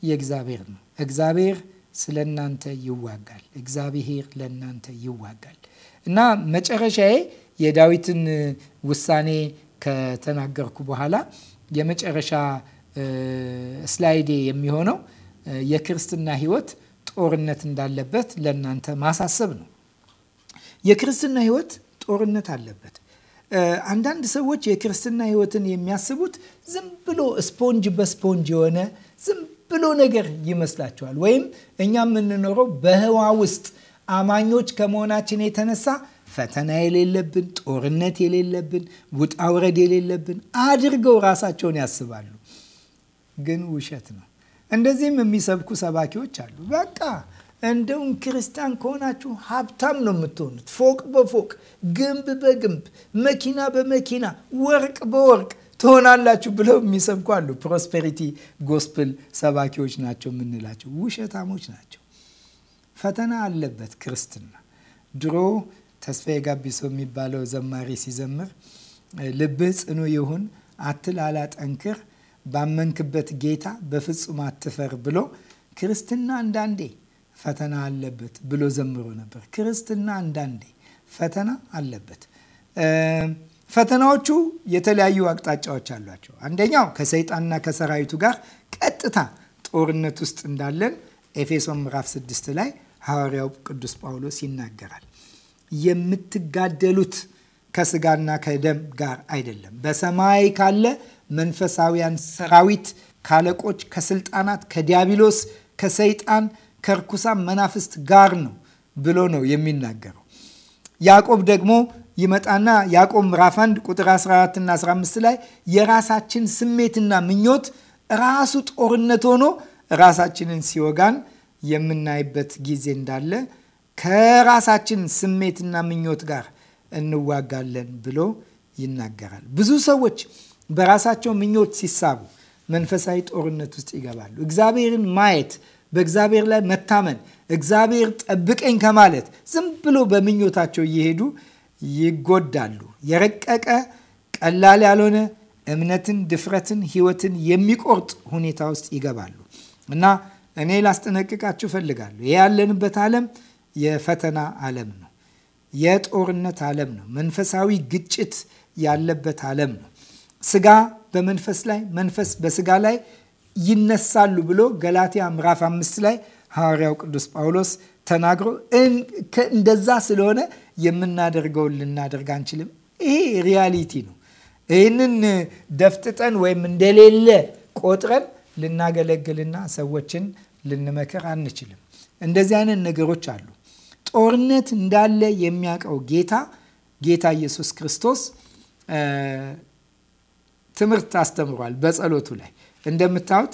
የእግዚአብሔር ነው። እግዚአብሔር ስለ እናንተ ይዋጋል። እግዚአብሔር ለእናንተ ይዋጋል እና መጨረሻዬ የዳዊትን ውሳኔ ከተናገርኩ በኋላ የመጨረሻ ስላይዴ የሚሆነው የክርስትና ሕይወት ጦርነት እንዳለበት ለእናንተ ማሳሰብ ነው። የክርስትና ህይወት ጦርነት አለበት። አንዳንድ ሰዎች የክርስትና ህይወትን የሚያስቡት ዝም ብሎ ስፖንጅ በስፖንጅ የሆነ ዝም ብሎ ነገር ይመስላቸዋል። ወይም እኛ የምንኖረው በህዋ ውስጥ አማኞች ከመሆናችን የተነሳ ፈተና የሌለብን፣ ጦርነት የሌለብን፣ ውጣ ውረድ የሌለብን አድርገው ራሳቸውን ያስባሉ። ግን ውሸት ነው። እንደዚህም የሚሰብኩ ሰባኪዎች አሉ። በቃ እንደውም ክርስቲያን ከሆናችሁ ሀብታም ነው የምትሆኑት። ፎቅ በፎቅ ግንብ በግንብ መኪና በመኪና ወርቅ በወርቅ ትሆናላችሁ ብለው የሚሰብኩ አሉ። ፕሮስፔሪቲ ጎስፕል ሰባኪዎች ናቸው የምንላቸው ውሸታሞች ናቸው። ፈተና አለበት ክርስትና። ድሮ ተስፋዬ ጋቢሶ የሚባለው ዘማሪ ሲዘምር ልብህ ጽኑ ይሁን፣ አትላላ፣ ጠንክር፣ ባመንክበት ጌታ በፍጹም አትፈር ብሎ ክርስትና አንዳንዴ ፈተና አለበት ብሎ ዘምሮ ነበር። ክርስትና አንዳንዴ ፈተና አለበት። ፈተናዎቹ የተለያዩ አቅጣጫዎች አሏቸው። አንደኛው ከሰይጣንና ከሰራዊቱ ጋር ቀጥታ ጦርነት ውስጥ እንዳለን ኤፌሶን ምዕራፍ 6 ላይ ሐዋርያው ቅዱስ ጳውሎስ ይናገራል። የምትጋደሉት ከስጋና ከደም ጋር አይደለም፣ በሰማይ ካለ መንፈሳዊያን ሰራዊት፣ ካለቆች ከስልጣናት፣ ከዲያብሎስ፣ ከሰይጣን ከርኩሳን መናፍስት ጋር ነው ብሎ ነው የሚናገረው። ያዕቆብ ደግሞ ይመጣና ያዕቆብ ምዕራፍ 1 ቁጥር 14 እና 15 ላይ የራሳችን ስሜትና ምኞት ራሱ ጦርነት ሆኖ ራሳችንን ሲወጋን የምናይበት ጊዜ እንዳለ ከራሳችን ስሜትና ምኞት ጋር እንዋጋለን ብሎ ይናገራል። ብዙ ሰዎች በራሳቸው ምኞት ሲሳቡ መንፈሳዊ ጦርነት ውስጥ ይገባሉ። እግዚአብሔርን ማየት በእግዚአብሔር ላይ መታመን፣ እግዚአብሔር ጠብቀኝ ከማለት ዝም ብሎ በምኞታቸው እየሄዱ ይጎዳሉ። የረቀቀ ቀላል ያልሆነ እምነትን፣ ድፍረትን፣ ህይወትን የሚቆርጥ ሁኔታ ውስጥ ይገባሉ እና እኔ ላስጠነቅቃችሁ እፈልጋለሁ። ይህ ያለንበት ዓለም የፈተና ዓለም ነው። የጦርነት ዓለም ነው። መንፈሳዊ ግጭት ያለበት ዓለም ነው። ስጋ በመንፈስ ላይ፣ መንፈስ በስጋ ላይ ይነሳሉ ብሎ ገላትያ ምዕራፍ አምስት ላይ ሐዋርያው ቅዱስ ጳውሎስ ተናግሮ እንደዛ ስለሆነ የምናደርገውን ልናደርግ አንችልም። ይሄ ሪያሊቲ ነው። ይህንን ደፍጥጠን ወይም እንደሌለ ቆጥረን ልናገለግልና ሰዎችን ልንመክር አንችልም። እንደዚህ አይነት ነገሮች አሉ። ጦርነት እንዳለ የሚያውቀው ጌታ ጌታ ኢየሱስ ክርስቶስ ትምህርት አስተምሯል በጸሎቱ ላይ እንደምታዩት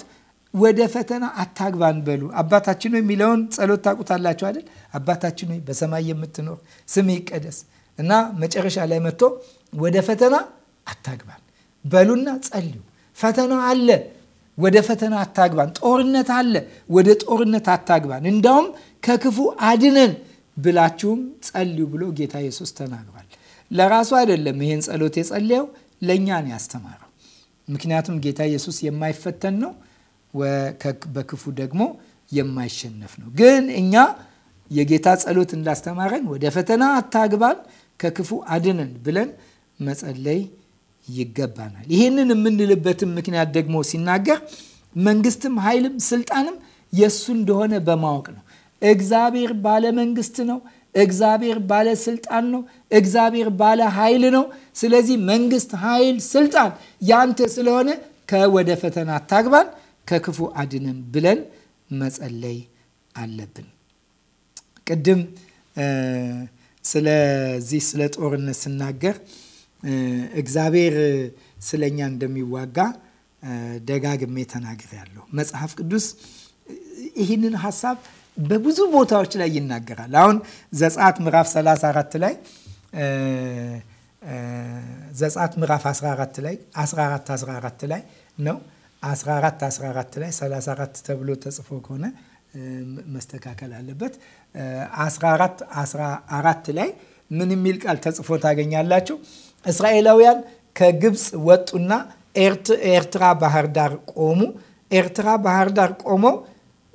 ወደ ፈተና አታግባን በሉ። አባታችን ሆይ የሚለውን ጸሎት ታውቁታላችሁ አይደል? አባታችን ሆይ በሰማይ የምትኖር ስም ይቀደስ እና መጨረሻ ላይ መጥቶ ወደ ፈተና አታግባን በሉና ጸልዩ። ፈተና አለ፣ ወደ ፈተና አታግባን። ጦርነት አለ፣ ወደ ጦርነት አታግባን። እንዳውም ከክፉ አድነን ብላችሁም ጸልዩ ብሎ ጌታ ኢየሱስ ተናግሯል። ለራሱ አይደለም ይህን ጸሎት የጸለየው ለእኛ ነው ያስተማረው። ምክንያቱም ጌታ ኢየሱስ የማይፈተን ነው፣ በክፉ ደግሞ የማይሸነፍ ነው። ግን እኛ የጌታ ጸሎት እንዳስተማረን ወደ ፈተና አታግባን፣ ከክፉ አድነን ብለን መጸለይ ይገባናል። ይህንን የምንልበትም ምክንያት ደግሞ ሲናገር መንግስትም ኃይልም ስልጣንም የእሱ እንደሆነ በማወቅ ነው። እግዚአብሔር ባለመንግስት ነው። እግዚአብሔር ባለ ስልጣን ነው። እግዚአብሔር ባለ ኃይል ነው። ስለዚህ መንግስት፣ ኃይል፣ ስልጣን ያንተ ስለሆነ ከወደ ፈተና አታግባን፣ ከክፉ አድነን ብለን መጸለይ አለብን። ቅድም ስለዚህ ስለ ጦርነት ስናገር እግዚአብሔር ስለኛ እንደሚዋጋ ደጋግሜ ተናግሬያለሁ። መጽሐፍ ቅዱስ ይህንን ሀሳብ በብዙ ቦታዎች ላይ ይናገራል። አሁን ዘጸአት ምዕራፍ 34 ላይ ዘጸአት ምዕራፍ 14 ላይ 14 14 ላይ ነው 14 14 ላይ 34 ተብሎ ተጽፎ ከሆነ መስተካከል አለበት። 14 14 ላይ ምን የሚል ቃል ተጽፎ ታገኛላችሁ? እስራኤላውያን ከግብፅ ወጡና ኤርትራ ባህር ዳር ቆሙ። ኤርትራ ባህር ዳር ቆመው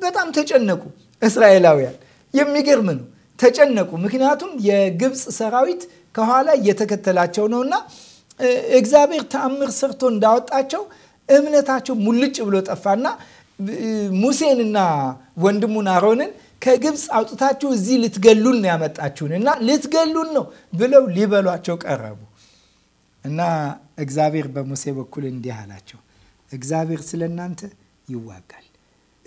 በጣም ተጨነቁ። እስራኤላውያን። የሚገርም ነው። ተጨነቁ። ምክንያቱም የግብፅ ሰራዊት ከኋላ እየተከተላቸው ነውና እግዚአብሔር ተአምር ሰርቶ እንዳወጣቸው እምነታቸው ሙልጭ ብሎ ጠፋና ሙሴንና ወንድሙን አሮንን ከግብፅ አውጥታችሁ እዚህ ልትገሉን ያመጣችሁን እና ልትገሉን ነው ብለው ሊበሏቸው ቀረቡ እና እግዚአብሔር በሙሴ በኩል እንዲህ አላቸው፣ እግዚአብሔር ስለ እናንተ ይዋጋል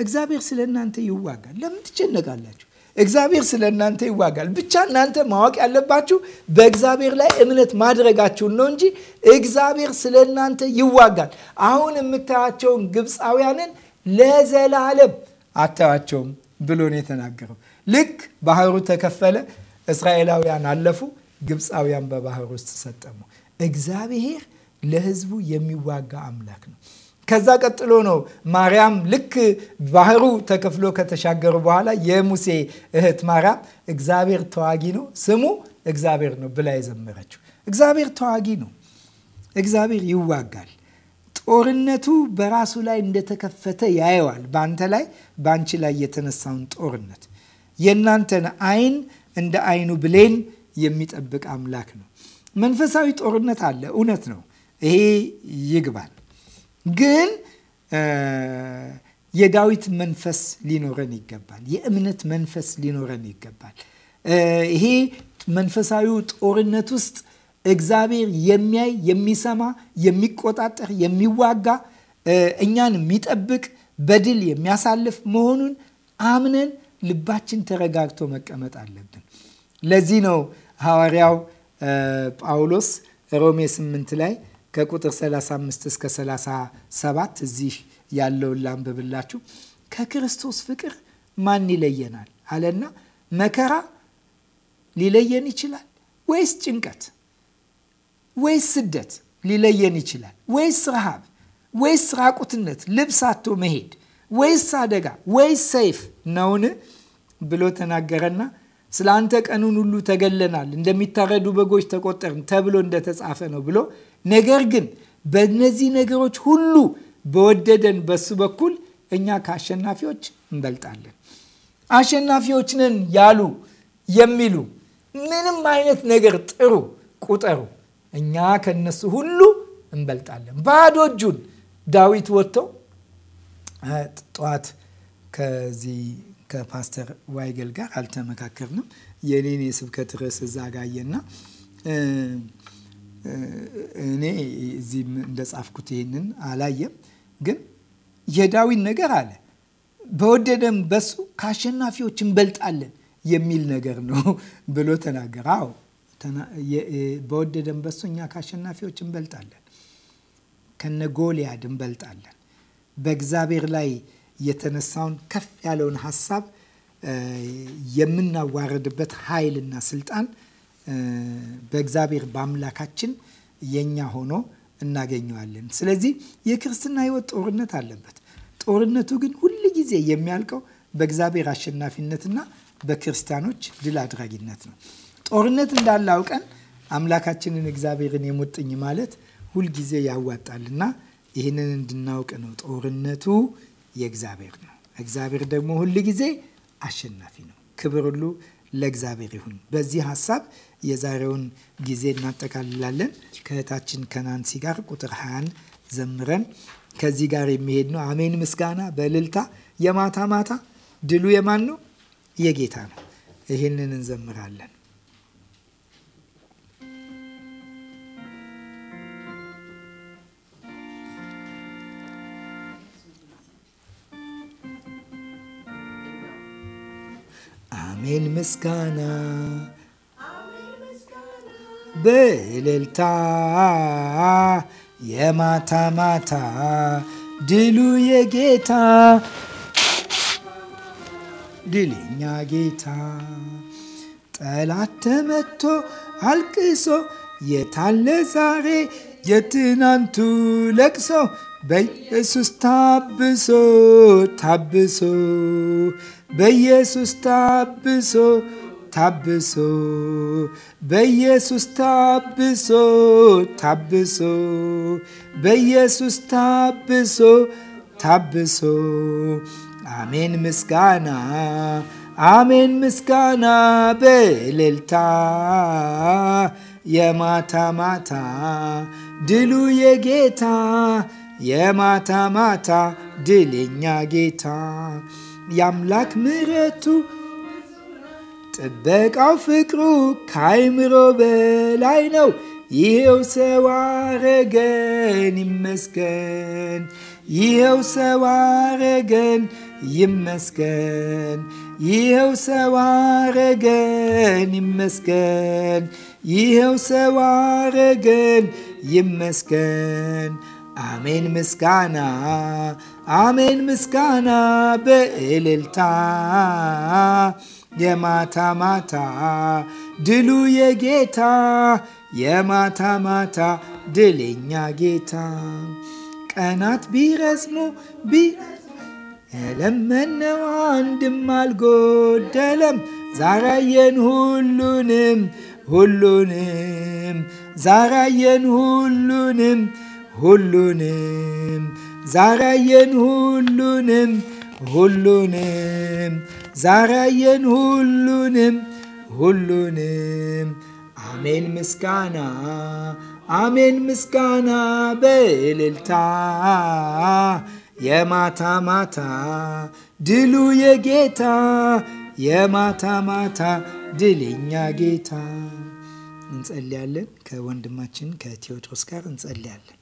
እግዚአብሔር ስለ እናንተ ይዋጋል። ለምን ትጨነቃላችሁ? እግዚአብሔር ስለ እናንተ ይዋጋል። ብቻ እናንተ ማወቅ ያለባችሁ በእግዚአብሔር ላይ እምነት ማድረጋችሁን ነው እንጂ እግዚአብሔር ስለ እናንተ ይዋጋል። አሁን የምታያቸውን ግብፃውያንን ለዘላለም አታያቸውም ብሎ ነው የተናገረው። ልክ ባህሩ ተከፈለ፣ እስራኤላውያን አለፉ፣ ግብፃውያን በባህር ውስጥ ሰጠሙ። እግዚአብሔር ለሕዝቡ የሚዋጋ አምላክ ነው። ከዛ ቀጥሎ ነው ማርያም ልክ ባህሩ ተከፍሎ ከተሻገሩ በኋላ የሙሴ እህት ማርያም እግዚአብሔር ተዋጊ ነው ስሙ እግዚአብሔር ነው ብላ የዘመረችው። እግዚአብሔር ተዋጊ ነው። እግዚአብሔር ይዋጋል። ጦርነቱ በራሱ ላይ እንደተከፈተ ያየዋል። በአንተ ላይ በአንቺ ላይ የተነሳውን ጦርነት የእናንተን አይን እንደ አይኑ ብሌን የሚጠብቅ አምላክ ነው። መንፈሳዊ ጦርነት አለ። እውነት ነው። ይሄ ይግባል። ግን የዳዊት መንፈስ ሊኖረን ይገባል። የእምነት መንፈስ ሊኖረን ይገባል። ይሄ መንፈሳዊ ጦርነት ውስጥ እግዚአብሔር የሚያይ የሚሰማ፣ የሚቆጣጠር፣ የሚዋጋ እኛን የሚጠብቅ በድል የሚያሳልፍ መሆኑን አምነን ልባችን ተረጋግቶ መቀመጥ አለብን። ለዚህ ነው ሐዋርያው ጳውሎስ ሮሜ 8 ላይ ከቁጥር 35 እስከ 37 እዚህ ያለውን ላንብብላችሁ። ከክርስቶስ ፍቅር ማን ይለየናል አለና መከራ ሊለየን ይችላል ወይስ ጭንቀት ወይስ ስደት ሊለየን ይችላል ወይስ ረሃብ ወይስ ራቁትነት ልብስ አቶ መሄድ ወይስ አደጋ ወይስ ሰይፍ ነውን ብሎ ተናገረና ስለ አንተ ቀኑን ሁሉ ተገለናል እንደሚታረዱ በጎች ተቆጠርን ተብሎ እንደተጻፈ ነው ብሎ ነገር ግን በእነዚህ ነገሮች ሁሉ በወደደን በሱ በኩል እኛ ከአሸናፊዎች እንበልጣለን። አሸናፊዎች ነን ያሉ የሚሉ ምንም አይነት ነገር ጥሩ ቁጠሩ፣ እኛ ከነሱ ሁሉ እንበልጣለን። ባዶ እጁን ዳዊት ወጥቶ ጠዋት ከዚህ ከፓስተር ዋይገል ጋር አልተመካከርንም። የኔን የስብከት ርዕስ እዛ ጋየና እኔ እዚህ እንደጻፍኩት ይህንን አላየም፣ ግን የዳዊት ነገር አለ በወደደም በሱ ከአሸናፊዎች እንበልጣለን የሚል ነገር ነው ብሎ ተናገረ። አዎ በወደደን በሱ እኛ ከአሸናፊዎች እንበልጣለን፣ ከነ ጎልያድ እንበልጣለን። በእግዚአብሔር ላይ የተነሳውን ከፍ ያለውን ሀሳብ የምናዋረድበት ኃይልና ስልጣን በእግዚአብሔር በአምላካችን የኛ ሆኖ እናገኘዋለን። ስለዚህ የክርስትና ህይወት ጦርነት አለበት። ጦርነቱ ግን ሁል ጊዜ የሚያልቀው በእግዚአብሔር አሸናፊነትና በክርስቲያኖች ድል አድራጊነት ነው። ጦርነት እንዳለ አውቀን አምላካችንን እግዚአብሔርን የሞጥኝ ማለት ሁልጊዜ ያዋጣልና ይህንን እንድናውቅ ነው። ጦርነቱ የእግዚአብሔር ነው። እግዚአብሔር ደግሞ ሁል ጊዜ አሸናፊ ነው። ክብር ሁሉ ለእግዚአብሔር ይሁን። በዚህ ሀሳብ የዛሬውን ጊዜ እናጠቃልላለን። ከእህታችን ከናንሲ ጋር ቁጥር ሃያን ዘምረን ከዚህ ጋር የሚሄድ ነው። አሜን ምስጋና በልልታ የማታ ማታ ድሉ የማን ነው? የጌታ ነው። ይህንን እንዘምራለን። አሜን ምስጋና በእልልታ የማታ ማታ ድሉ የጌታ ድልኛ ጌታ ጠላት ተመቶ አልቅሶ የታለ ዛሬ የትናንቱ ለቅሶ በኢየሱስ ታብሶ ታብሶ በኢየሱስ ታብሶ ታብሶ በኢየሱስ ታብሶ ታብሶ በኢየሱስ ታብሶ ታብሶ አሜን ምስጋና አሜን ምስጋና በእልልታ የማታ ማታ ድሉ የጌታ የማታ ማታ ድልኛ ጌታ የአምላክ ምሕረቱ ጥበቃው ፍቅሩ ከአይምሮ በላይ ነው። ይኸው ሰው አረገን ይመስገን፣ ይኸው ሰው አረገን ይመስገን፣ ይኸው ሰው አረገን ይመስገን፣ ይኸው ሰው አረገን ይመስገን። አሜን ምስጋና አሜን ምስጋና በእልልታ የማታ ማታ ድሉ የጌታ የማታ ማታ ድልኛ ጌታ ቀናት ቢረዝሙ ቢ የለመነው አንድም አልጎደለም። ዛራየን ሁሉንም ሁሉንም ዛራየን ሁሉንም ሁሉንም ዛራየን ሁሉንም ሁሉንም ዛራየን ሁሉንም ሁሉንም አሜን ምስጋና አሜን ምስጋና በእልልታ የማታ ማታ ድሉ የጌታ የማታ ማታ ድልኛ ጌታ እንጸልያለን። ከወንድማችን ከቴዎድሮስ ጋር እንጸልያለን።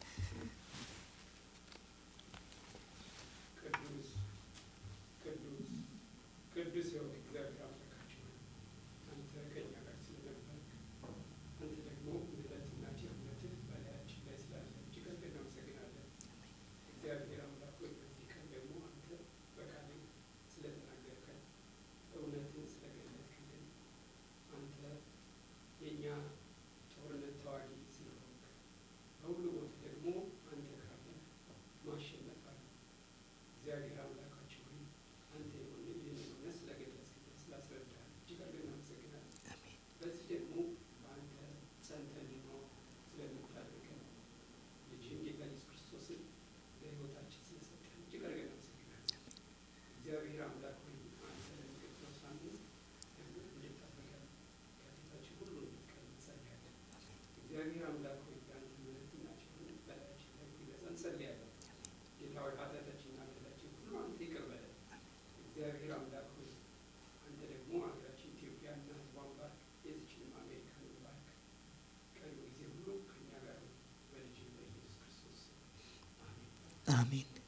Amin.